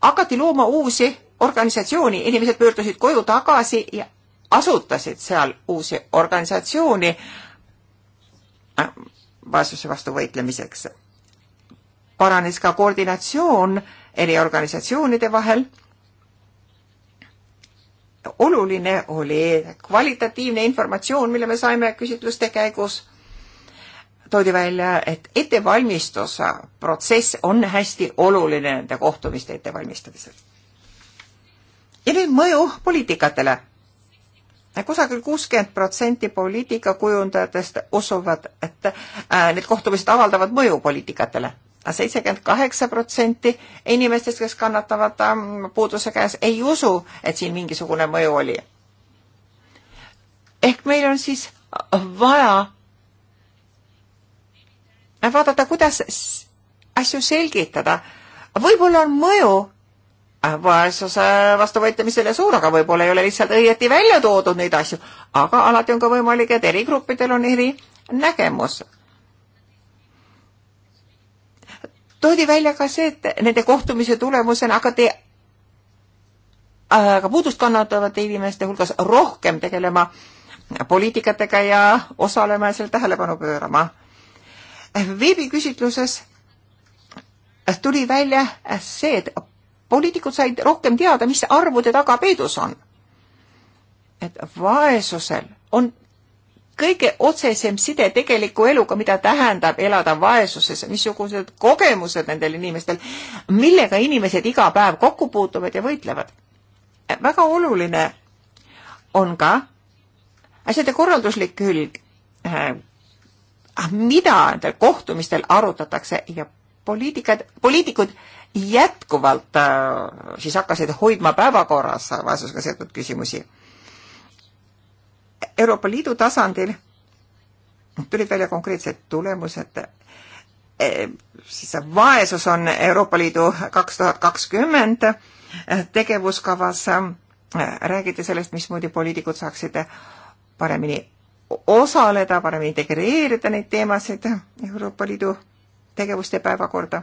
S1: hakati looma uusi organisatsiooni, inimesed pöördusid koju tagasi ja asutasid seal uusi organisatsiooni äh, vaesuse vastu võitlemiseks. paranes ka koordinatsioon eri organisatsioonide vahel. oluline oli kvalitatiivne informatsioon, mille me saime küsitluste käigus. toodi välja, et ettevalmistusprotsess on hästi oluline nende kohtumiste ettevalmistamisel ja nüüd mõju poliitikatele. kusagil kuuskümmend protsenti poliitikakujundajatest usuvad, et äh, need kohtumised avaldavad mõju poliitikatele seitsekümmend kaheksa protsenti inimestest, kes kannatavad ähm, puuduse käes, ei usu, et siin mingisugune mõju oli. ehk meil on siis vaja äh, vaadata, kuidas asju selgitada. võib-olla on mõju Äh, vaesuse äh, vastu võitlemisele suur, aga võib-olla ei ole lihtsalt õieti välja toodud neid asju. aga alati on ka võimalik, et eri gruppidel on eri nägemus. toodi välja ka see, et nende kohtumise tulemusena hakati aga äh, puudust kannatavate inimeste hulgas rohkem tegelema poliitikatega ja osalema ja selle tähelepanu pöörama. veebiküsitluses tuli välja see, et poliitikud said rohkem teada, mis arvude taga peidus on. et vaesusel on kõige otsesem side tegeliku eluga, mida tähendab elada vaesuses, missugused kogemused nendel inimestel, millega inimesed iga päev kokku puutuvad ja võitlevad. väga oluline on ka asjade korralduslik külg, eh, mida nendel kohtumistel arutatakse ja poliitikad, poliitikud jätkuvalt äh, siis hakkasid hoidma päevakorras vaesusega seotud küsimusi. Euroopa Liidu tasandil tulid välja konkreetsed tulemused, e, siis vaesus on Euroopa Liidu kaks tuhat kakskümmend tegevuskavas, räägiti sellest, mismoodi poliitikud saaksid paremini osaleda, paremini integreerida neid teemasid Euroopa Liidu tegevuste päevakorda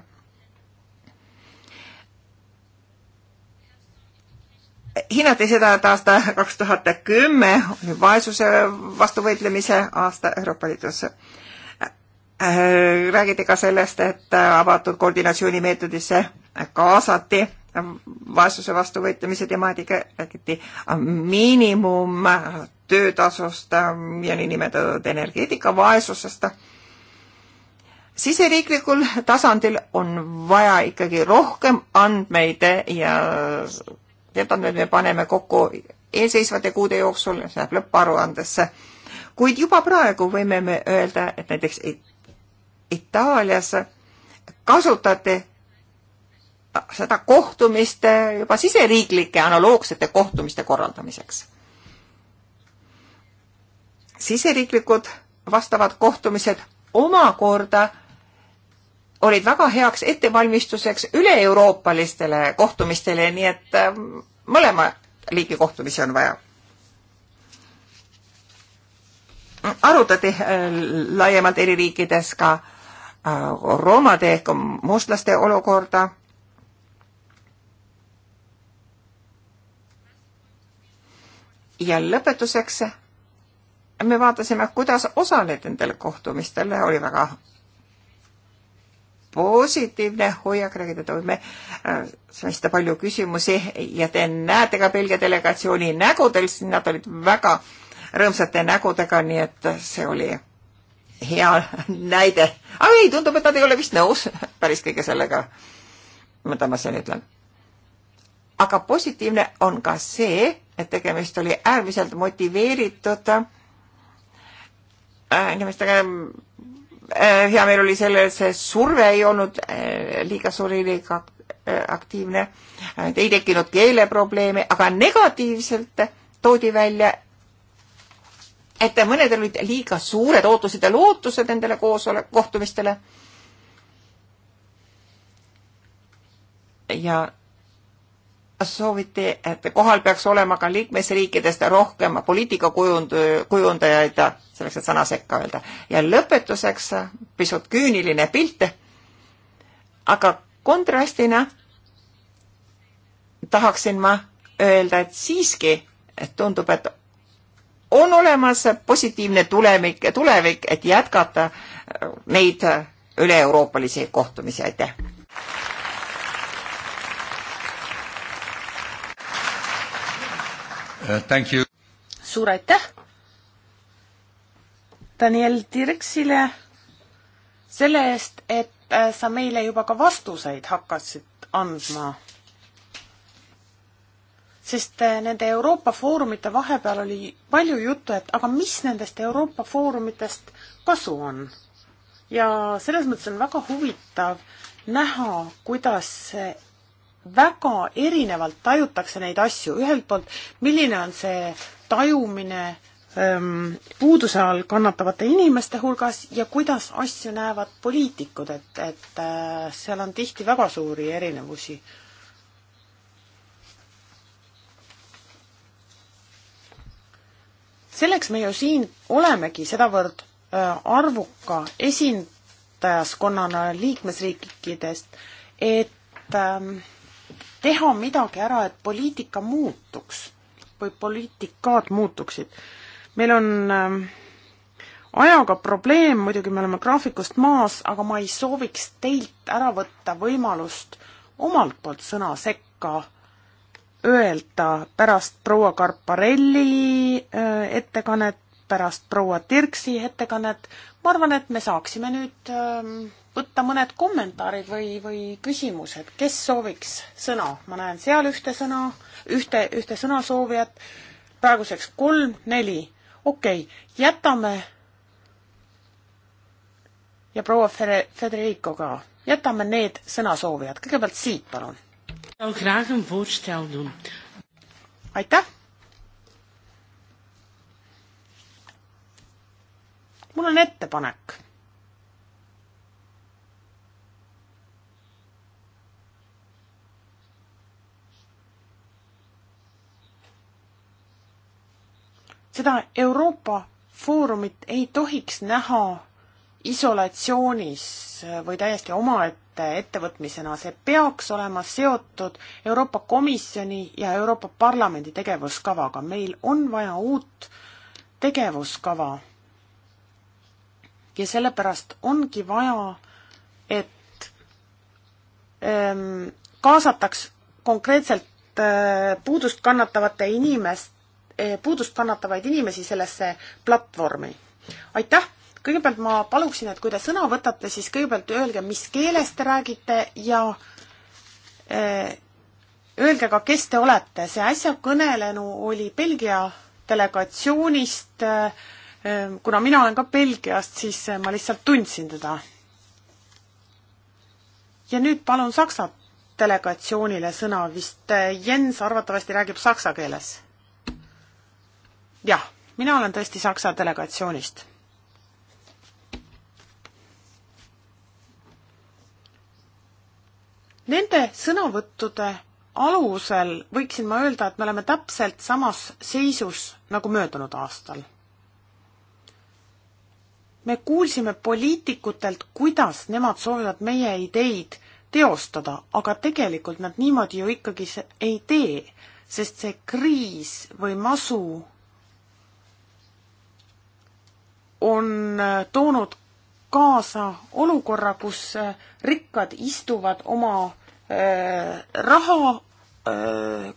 S1: hinnati seda, et aasta kaks tuhat kümme oli vaesuse vastu võitlemise aasta Euroopa Liidus. räägiti ka sellest, et avatud koordinatsioonimeetodisse kaasati vaesuse vastu võitlemise temaatika, räägiti miinimum töötasust ja niinimetatud energeetikavaesusest siseriiklikul tasandil on vaja ikkagi rohkem andmeid ja debatt me paneme kokku eelseisvate kuude jooksul, see läheb lõpparuandesse. kuid juba praegu võime me öelda, et näiteks Itaalias kasutati seda kohtumist juba siseriiklike analoogsete kohtumiste korraldamiseks. siseriiklikud vastavad kohtumised omakorda olid väga heaks ettevalmistuseks üle-euroopalistele kohtumistele, nii et ähm, mõlema liigi kohtumisi on vaja. arutati äh, laiemalt eri riikides ka äh, roomade ehk mustlaste olukorda. ja lõpetuseks me vaatasime, kuidas osaleda nendel kohtumistel, oli väga positiivne hoiak, räägida toime hästi palju küsimusi ja te näete ka Belgia delegatsiooni nägudel, siis nad olid väga rõõmsate nägudega, nii et see oli hea näide. aga ei, tundub, et nad ei ole vist nõus päris kõige sellega, mida ma siin ütlen. aga positiivne on ka see, et tegemist oli äärmiselt motiveeritud äh, inimestega äh,, Äh, hea meel oli selle, see surve ei olnud äh, liiga suur, liiga äh, aktiivne, ei tekkinud keeleprobleeme, aga negatiivselt toodi välja, et mõnedel olid liiga suured ootused ja lootused nendele koosole-, kohtumistele. ja sooviti, et kohal peaks olema ka liikmesriikidest rohkem poliitikakujundajaid, selleks, et sõna sekka öelda. ja lõpetuseks pisut küüniline pilt, aga kontrastina tahaksin ma öelda, et siiski et tundub, et on olemas positiivne tulemik, tulevik, et jätkata neid üle-euroopalisi kohtumisi, aitäh! uh,. suur aitäh
S3: Daniel Tirksile selle eest, et äh, sa meile juba ka vastuseid hakkasid andma. sest äh, nende Euroopa Foorumite vahepeal oli palju juttu, et aga mis nendest Euroopa Foorumitest kasu on? ja selles mõttes on väga huvitav näha, kuidas äh, väga erinevalt tajutakse neid asju, ühelt poolt milline on see tajumine ähm, puuduse all kannatavate inimeste hulgas ja kuidas asju näevad poliitikud, et, et äh, seal on tihti väga suuri erinevusi. selleks me ju siin olemegi sedavõrd äh, arvuka esindajaskonnana liikmesriikidest, et äh, teha midagi ära, et poliitika muutuks või poliitikad muutuksid. meil on äh, ajaga probleem, muidugi me oleme graafikust maas, aga ma ei sooviks teilt ära võtta võimalust omalt poolt sõna sekka öelda pärast proua Karparelli äh, ettekannet, pärast proua Tirksi ettekannet, ma arvan, et me saaksime nüüd äh, võtta mõned kommentaarid või, või küsimused, kes sooviks sõna, ma näen seal ühte sõna, ühte, ühte sõnasoovijat, praeguseks kolm-neli, okei okay,, jätame ja proua Fede-, Federico ka, jätame need sõnasoovijad, kõigepealt siit palun. aitäh! mul on ettepanek seda Euroopa Foorumit ei tohiks näha isolatsioonis või täiesti omaette ettevõtmisena, see peaks olema seotud Euroopa Komisjoni ja Euroopa Parlamendi tegevuskavaga, meil on vaja uut tegevuskava. ja sellepärast ongi vaja, et ähm, kaasataks konkreetselt äh, puudust kannatavate inimeste Eh, puudust kannatavaid inimesi sellesse platvormi. aitäh! kõigepealt ma paluksin, et kui te sõna võtate, siis kõigepealt öelge, mis keeles te räägite ja eh, öelge ka, kes te olete. see äsja kõnelenu oli Belgia delegatsioonist. Eh, kuna mina olen ka Belgiast, siis ma lihtsalt tundsin teda. ja nüüd palun Saksa delegatsioonile sõna, vist Jens arvatavasti räägib saksa keeles jah, mina olen tõesti Saksa delegatsioonist. Nende sõnavõttude alusel võiksin ma öelda, et me oleme täpselt samas seisus nagu möödunud aastal. me kuulsime poliitikutelt, kuidas nemad soovivad meie ideid teostada, aga tegelikult nad niimoodi ju ikkagi ei tee, sest see kriis või masu on äh, toonud kaasa olukorra, kus äh, rikkad istuvad oma äh, raha äh,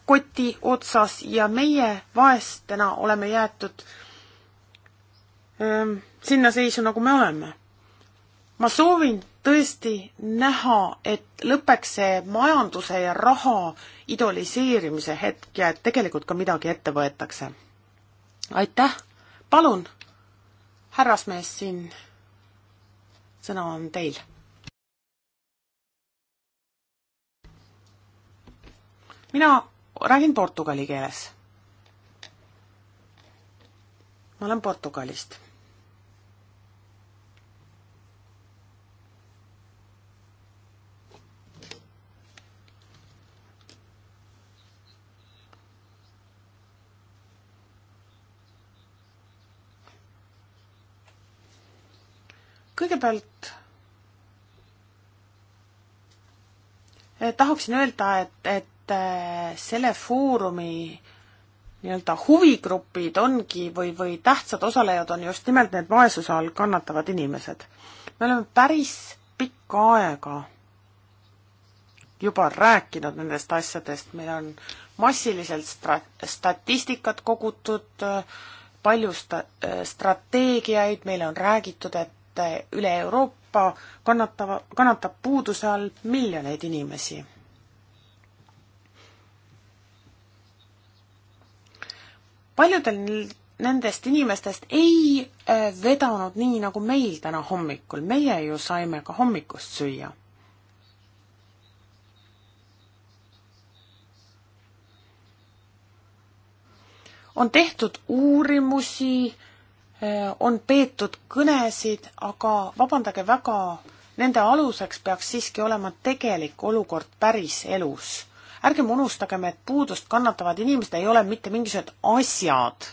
S3: koti otsas ja meie vaestena oleme jäetud äh, sinna seisu, nagu me oleme. ma soovin tõesti näha, et lõpeks see majanduse ja raha idoliseerimise hetk ja et tegelikult ka midagi ette võetakse. aitäh, palun härrasmees siin, sõna on teil. mina räägin portugali keeles. ma olen Portugalist kõigepealt eh, tahaksin öelda, et, et eh, selle foorumi nii-öelda huvigrupid ongi või, või tähtsad osalejad on just nimelt need vaesuse all kannatavad inimesed. me oleme päris pikka aega juba rääkinud nendest asjadest, meil on massiliselt stra-, statistikat kogutud, eh, palju sta-, strateegiaid, meile on räägitud, et et üle Euroopa kannatava, kannatab puuduse all miljoneid inimesi. paljudel nendest inimestest ei äh, vedanud nii, nagu meil täna hommikul, meie ju saime ka hommikust süüa. on tehtud uurimusi äh, on peetud kõnesid, aga vabandage väga, nende aluseks peaks siiski olema tegelik olukord päriselus. ärgem unustagem, et puudust kannatavad inimesed ei ole mitte mingisugused asjad.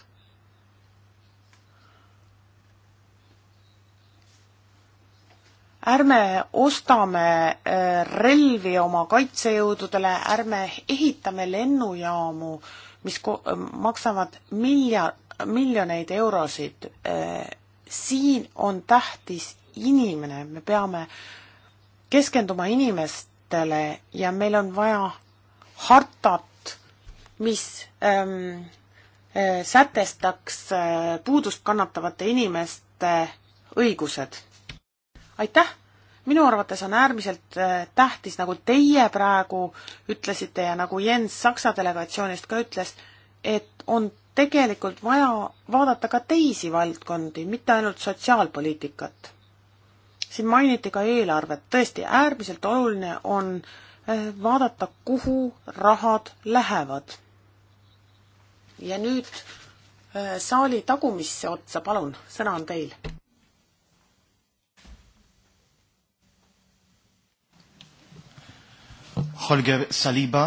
S3: ärme ostame äh, relvi oma kaitsejõududele, ärme ehitame lennujaamu, mis äh, maksavad miljard, miljoneid eurosid. Äh, siin on tähtis inimene, me peame keskenduma inimestele ja meil on vaja hartat, mis ähm, äh, sätestaks äh, puudust kannatavate inimeste õigused. aitäh! minu arvates on äärmiselt äh, tähtis, nagu teie praegu ütlesite ja nagu Jens Saksa delegatsioonist ka ütles, et on tegelikult vaja vaadata ka teisi valdkondi, mitte ainult sotsiaalpoliitikat. siin mainiti ka eelarvet, tõesti, äärmiselt oluline on eh, vaadata, kuhu rahad lähevad. ja nüüd eh, saali tagumisse otsa, palun, sõna on teil.
S2: Holger Saliba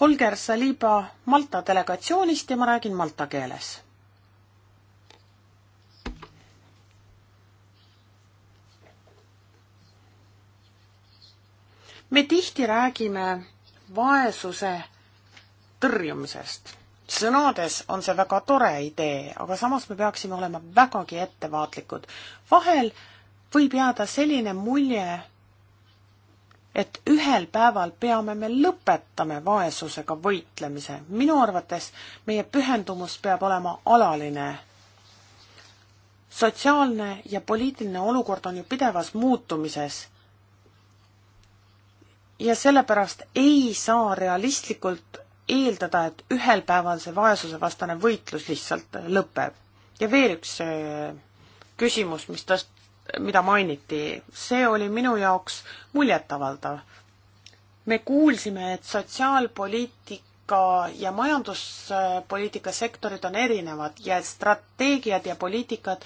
S3: Holger Saliba Malta delegatsioonist ja ma räägin malta keeles. me tihti räägime vaesuse tõrjumisest. sõnades on see väga tore idee, aga samas me peaksime olema vägagi ettevaatlikud. vahel võib jääda selline mulje, et ühel päeval peame me lõpetame vaesusega võitlemise. minu arvates meie pühendumus peab olema alaline. sotsiaalne ja poliitiline olukord on ju pidevas muutumises. ja sellepärast ei saa realistlikult eeldada, et ühel päeval see vaesusevastane võitlus lihtsalt lõpeb. ja veel üks äh, küsimus, mis tõst-, mida mainiti, see oli minu jaoks muljetavaldav. me kuulsime, et sotsiaalpoliitika ja majanduspoliitika sektorid on erinevad ja strateegiad ja poliitikad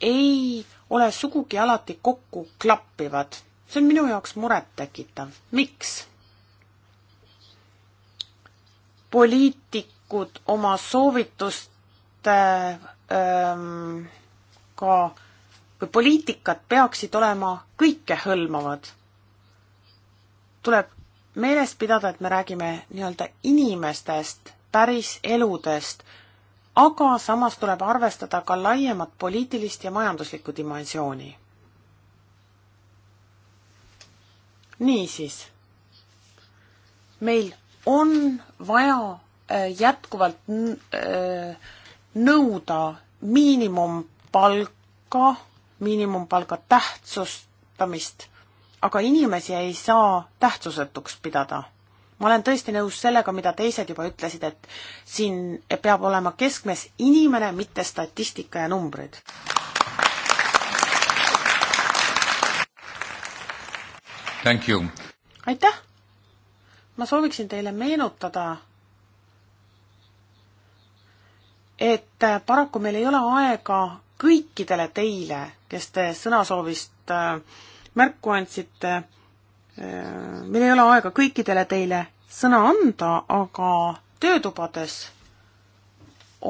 S3: ei ole sugugi alati kokku klappivad. see on minu jaoks murettekitav. miks? poliitikud oma soovitust äh, ähm, ka äh, või poliitikad peaksid olema kõikehõlmavad. tuleb meeles pidada, et me räägime nii-öelda inimestest, päris eludest, aga samas tuleb arvestada ka laiemat poliitilist ja majanduslikku dimensiooni. niisiis, meil on vaja äh, jätkuvalt äh, nõuda miinimumpalka miinimumpalga tähtsustamist, aga inimesi ei saa tähtsusetuks pidada. ma olen tõesti nõus sellega, mida teised juba ütlesid, et siin peab olema keskmes inimene, mitte statistika ja numbrid. aitäh! ma sooviksin teile meenutada, et paraku meil ei ole aega kõikidele teile, kes te sõnasoovist äh, märku andsite. Äh, meil ei ole aega kõikidele teile sõna anda, aga töötubades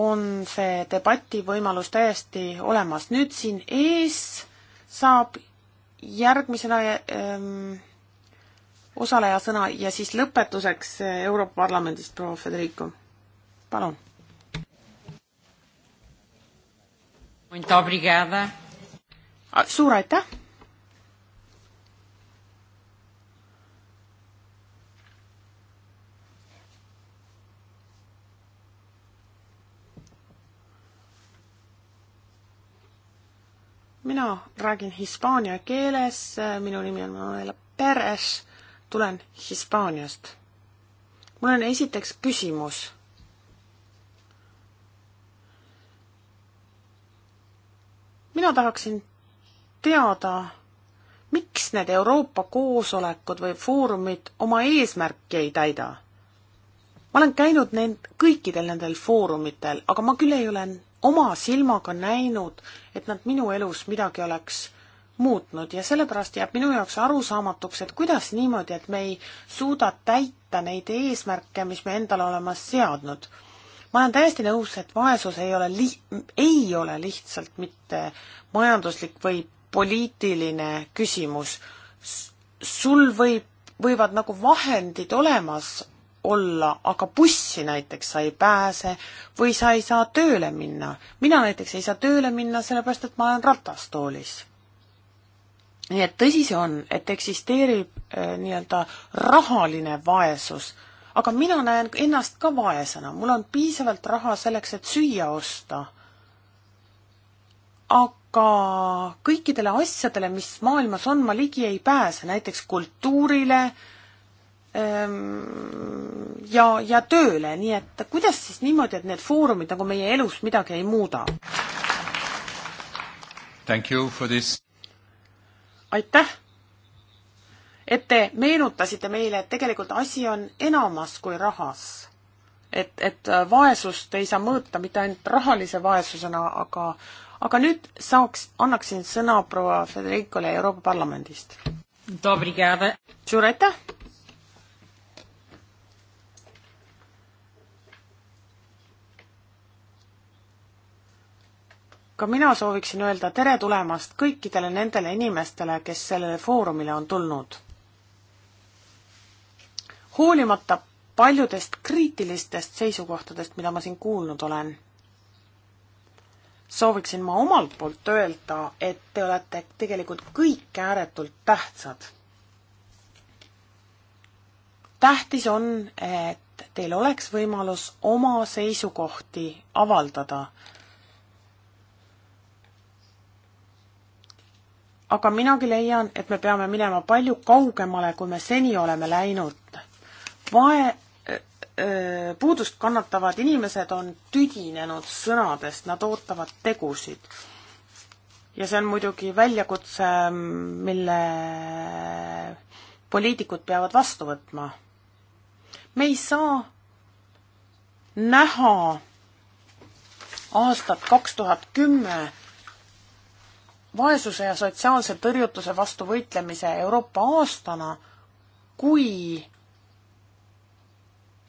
S3: on see debati võimalus täiesti olemas. nüüd siin ees saab järgmisena ähm, osaleja sõna ja siis lõpetuseks Europarlamendist proua Federico, palun suur aitäh! mina räägin hispaania keeles, minu nimi on Manuela Perez, tulen Hispaaniast. mul on esiteks küsimus mina tahaksin teada, miks need Euroopa koosolekud või foorumid oma eesmärki ei täida? ma olen käinud nend-, kõikidel nendel foorumitel, aga ma küll ei ole oma silmaga näinud, et nad minu elus midagi oleks muutnud ja sellepärast jääb minu jaoks arusaamatuks, et kuidas niimoodi, et me ei suuda täita neid eesmärke, mis me endale oleme seadnud ma olen täiesti nõus, et vaesus ei ole li-, ei ole lihtsalt mitte majanduslik või poliitiline küsimus. sul võib, võivad nagu vahendid olemas olla, aga bussi näiteks sa ei pääse või sa ei saa tööle minna. mina näiteks ei saa tööle minna, sellepärast et ma olen ratastoolis. nii et tõsi see on, et eksisteerib äh, nii-öelda rahaline vaesus aga mina näen ennast ka vaesena, mul on piisavalt raha selleks, et süüa osta. aga kõikidele asjadele, mis maailmas on, ma ligi ei pääse, näiteks kultuurile ehm, ja, ja tööle, nii et kuidas siis niimoodi, et need foorumid nagu meie elus midagi ei muuda? aitäh et te meenutasite meile, et tegelikult asi on enamas kui rahas. et, et äh, vaesust ei saa mõõta mitte ainult rahalise vaesusena, aga, aga nüüd saaks, annaksin sõna proua Federicole Euroopa Parlamendist. suur aitäh! ka mina sooviksin öelda tere tulemast kõikidele nendele inimestele, kes sellele foorumile on tulnud hoolimata paljudest kriitilistest seisukohtadest, mida ma siin kuulnud olen, sooviksin ma omalt poolt öelda, et te olete tegelikult kõik ääretult tähtsad. tähtis on, et teil oleks võimalus oma seisukohti avaldada. aga minagi leian, et me peame minema palju kaugemale, kui me seni oleme läinud vae, puudust kannatavad inimesed on tüdinenud sõnadest, nad ootavad tegusid. ja see on muidugi väljakutse, mille poliitikud peavad vastu võtma. me ei saa näha aastat kaks tuhat kümme vaesuse ja sotsiaalse tõrjutuse vastu võitlemise Euroopa aastana, kui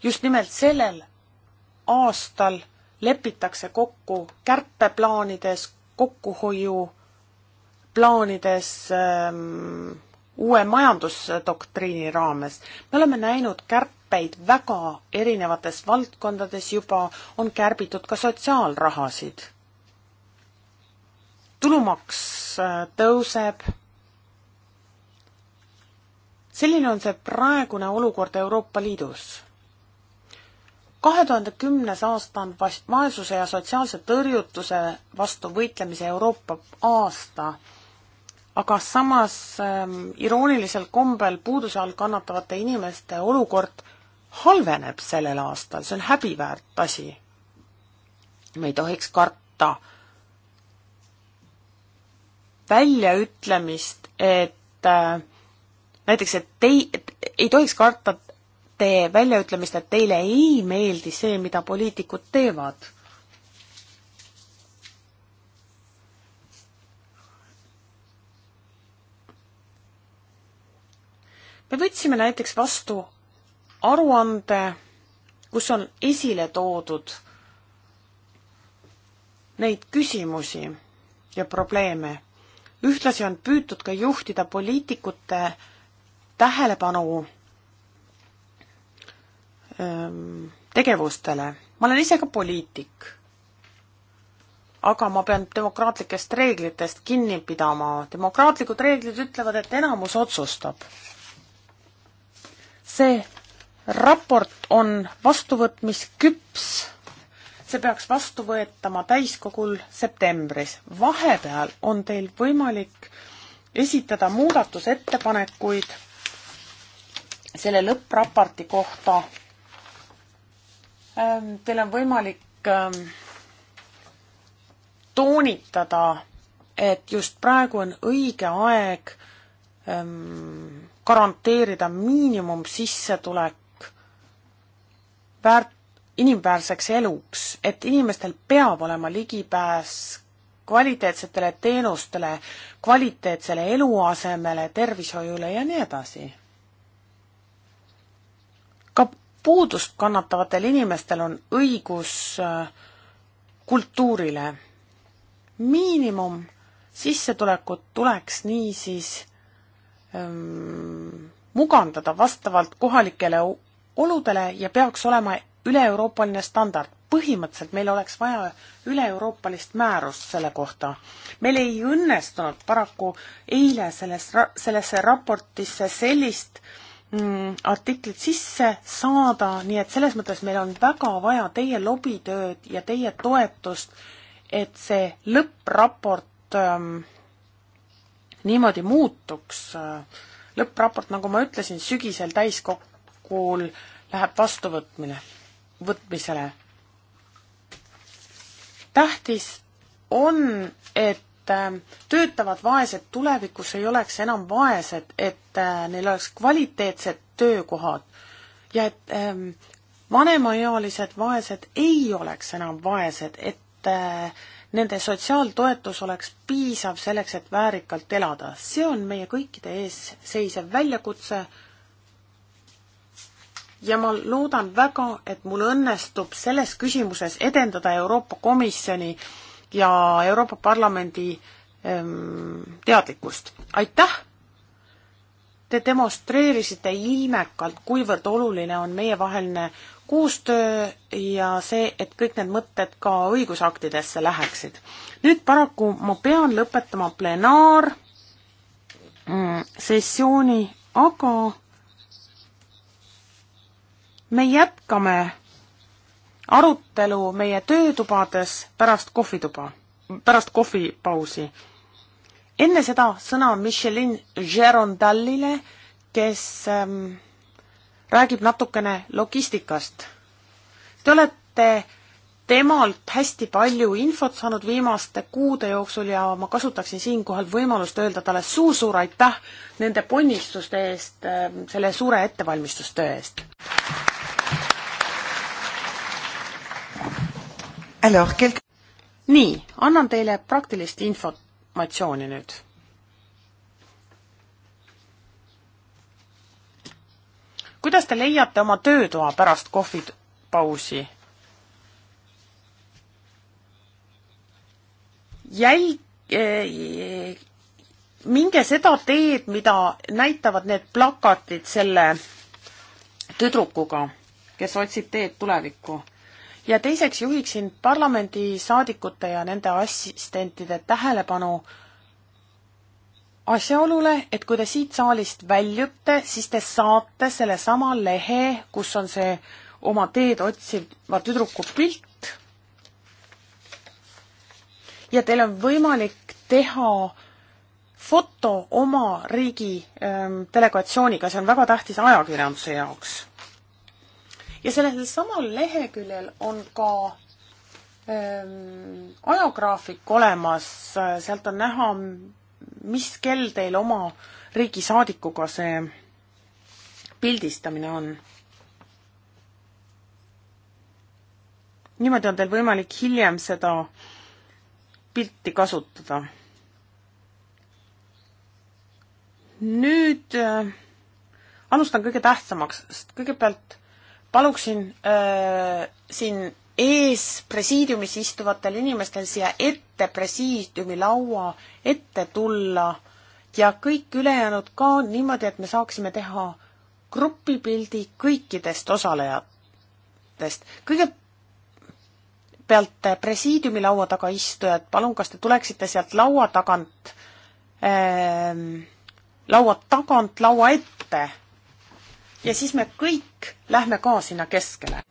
S3: just nimelt sellel aastal lepitakse kokku kärpeplaanides, kokkuhoiuplaanides ähm, uue majandusdoktriini raames. me oleme näinud kärpeid väga erinevates valdkondades juba, on kärbitud ka sotsiaalrahasid. tulumaks äh, tõuseb. selline on see praegune olukord Euroopa Liidus kahe tuhande kümnes aasta on vaesuse ja sotsiaalse tõrjutuse vastu võitlemise Euroopa aasta, aga samas ähm, iroonilisel kombel puuduse all kannatavate inimeste olukord halveneb sellel aastal, see on häbiväärt asi. me ei tohiks karta väljaütlemist, et äh, näiteks, et ei, ei tohiks karta teie väljaütlemist, et teile ei meeldi see, mida poliitikud teevad. me võtsime näiteks vastu aruande, kus on esile toodud neid küsimusi ja probleeme. ühtlasi on püütud ka juhtida poliitikute tähelepanu Ehm, tegevustele. ma olen ise ka poliitik. aga ma pean demokraatlikest reeglitest kinni pidama. demokraatlikud reeglid ütlevad, et enamus otsustab. see raport on vastuvõtmisküps see peaks vastu võetama täiskogul septembris. vahepeal on teil võimalik esitada muudatusettepanekuid selle lõppraporti kohta Ähm, teil on võimalik ähm, toonitada, et just praegu on õige aeg ähm, garanteerida miinimumsissetulek väärt, inimväärseks eluks, et inimestel peab olema ligipääs kvaliteetsetele teenustele, kvaliteetsele eluasemele, tervishoiule ja nii edasi puudust kannatavatel inimestel on õigus äh, kultuurile. miinimum sissetulekut tuleks niisiis ähm, mugandada vastavalt kohalikele oludele ja peaks olema üle-euroopaline standard. põhimõtteliselt meil oleks vaja üle-euroopalist määrust selle kohta. meil ei õnnestunud paraku eile selles, sellesse raportisse sellist äh, Mm, artiklit sisse saada, nii et selles mõttes meil on väga vaja teie lobitööd ja teie toetust, et see lõppraport ähm, niimoodi muutuks. lõppraport, nagu ma ütlesin, sügisel täiskogul läheb vastuvõtmine, võtmisele. tähtis on, et Äh, töötavad vaesed tulevikus ei oleks enam vaesed, et äh, neil oleks kvaliteetsed töökohad ja et ähm, vanemaealised vaesed ei oleks enam vaesed, et äh, nende sotsiaaltoetus oleks piisav selleks, et väärikalt elada. see on meie kõikide ees seisev väljakutse ja ma loodan väga, et mul õnnestub selles küsimuses edendada Euroopa Komisjoni äh, ja Euroopa Parlamendi ehm, teadlikkust. aitäh! Te demonstreerisite ilmekalt, kuivõrd oluline on meievaheline koostöö ja see, et kõik need mõtted ka õigusaktidesse läheksid. nüüd paraku ma pean lõpetama plenaarsessiooni, mm, aga me jätkame arutelu meie töötubades pärast kohvituba, pärast kohvipausi. enne seda sõna Michelin Gerondallile, kes ähm, räägib natukene logistikast. Te olete temalt hästi palju infot saanud viimaste kuude jooksul ja ma kasutaksin siinkohal võimalust öelda talle suur-suur aitäh nende ponnistuste eest, ähm, selle suure ettevalmistustöö eest. nii, annan teile praktilist informatsiooni nüüd. kuidas te leiate oma töötoa pärast kohvipausi? jäl- eh,, minge seda teed, mida näitavad need plakatid selle tüdrukuga, kes otsib teed tulevikku ja teiseks juhiksin parlamendisaadikute ja nende assistentide tähelepanu asjaolule, et kui te siit saalist väljute, siis te saate sellesama lehe, kus on see oma teed otsiva tüdruku pilt. ja teil on võimalik teha foto oma riigi ähm, delegatsiooniga, see on väga tähtis ajakirjanduse jaoks ja sellel samal leheküljel on ka ähm, ajagraafik olemas, sealt on näha, mis kell teil oma riigisaadikuga see pildistamine on. niimoodi on teil võimalik hiljem seda pilti kasutada. nüüd äh, alustan kõige tähtsamaks, sest kõigepealt paluksin äh, siin ees presiidiumis istuvatel inimestel siia ette presiidiumi laua ette tulla ja kõik ülejäänud ka niimoodi, et me saaksime teha grupipildi kõikidest osalejatest. kõigepealt presiidiumi laua taga istujad, palun, kas te tuleksite sealt laua tagant ähm,, laua tagant laua ette ja siis me kõik lähme ka sinna keskele.